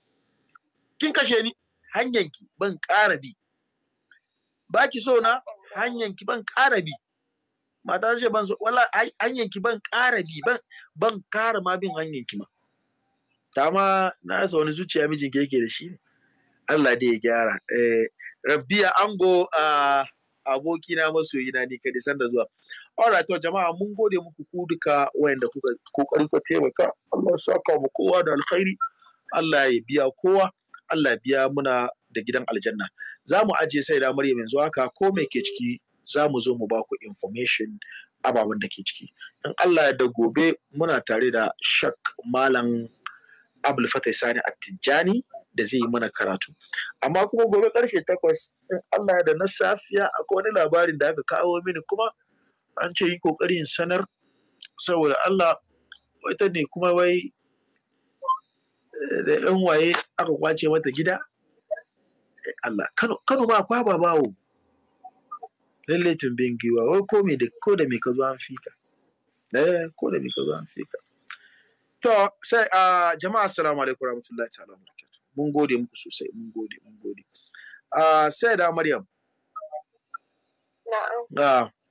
kin kashe ni hanyanki ban ƙara bi baki so na hanyar ki ban ƙara bi mata ce ban wala hanyar ki ban ƙara bi ban ban ƙara ma bin hanyar ki ma ta ma na sa wani zuciya mijin ke yake da shi ne Allah dai ya gyara eh rabbiya ango a aboki na yi na ni kadai da zuwa right to jama'a mun gode muku ku duka wayanda kuka kokari ka taimaka Allah ya saka mu kowa da alkhairi Allah ya biya kowa Allah ya biya muna da gidan aljanna za mu ajiye sai da Maryam yanzu haka ko me ke ciki za mu zo mu ba ku information ababen da ke ciki in Allah da gobe muna tare da shak malam Abdul Fatai Sani Attijani da zai yi mana karatu amma kuma gobe karfe takwas in Allah ya da na safiya akwai wani labarin da aka kawo mini kuma an ce yi kokarin sanar saboda Allah ita ne kuma wai eh, da yan waye aka kwace mata gida Allah Kano Kano ma ba bawo lalle tumbin giwa wai ko me da ko da me ka zo an fika eh ko da me ka zo an fika to sai a jama'a assalamu alaikum warahmatullahi ta'ala barakatuh mun gode muku sosai mun gode mun gode a sai da Maryam na'am ah,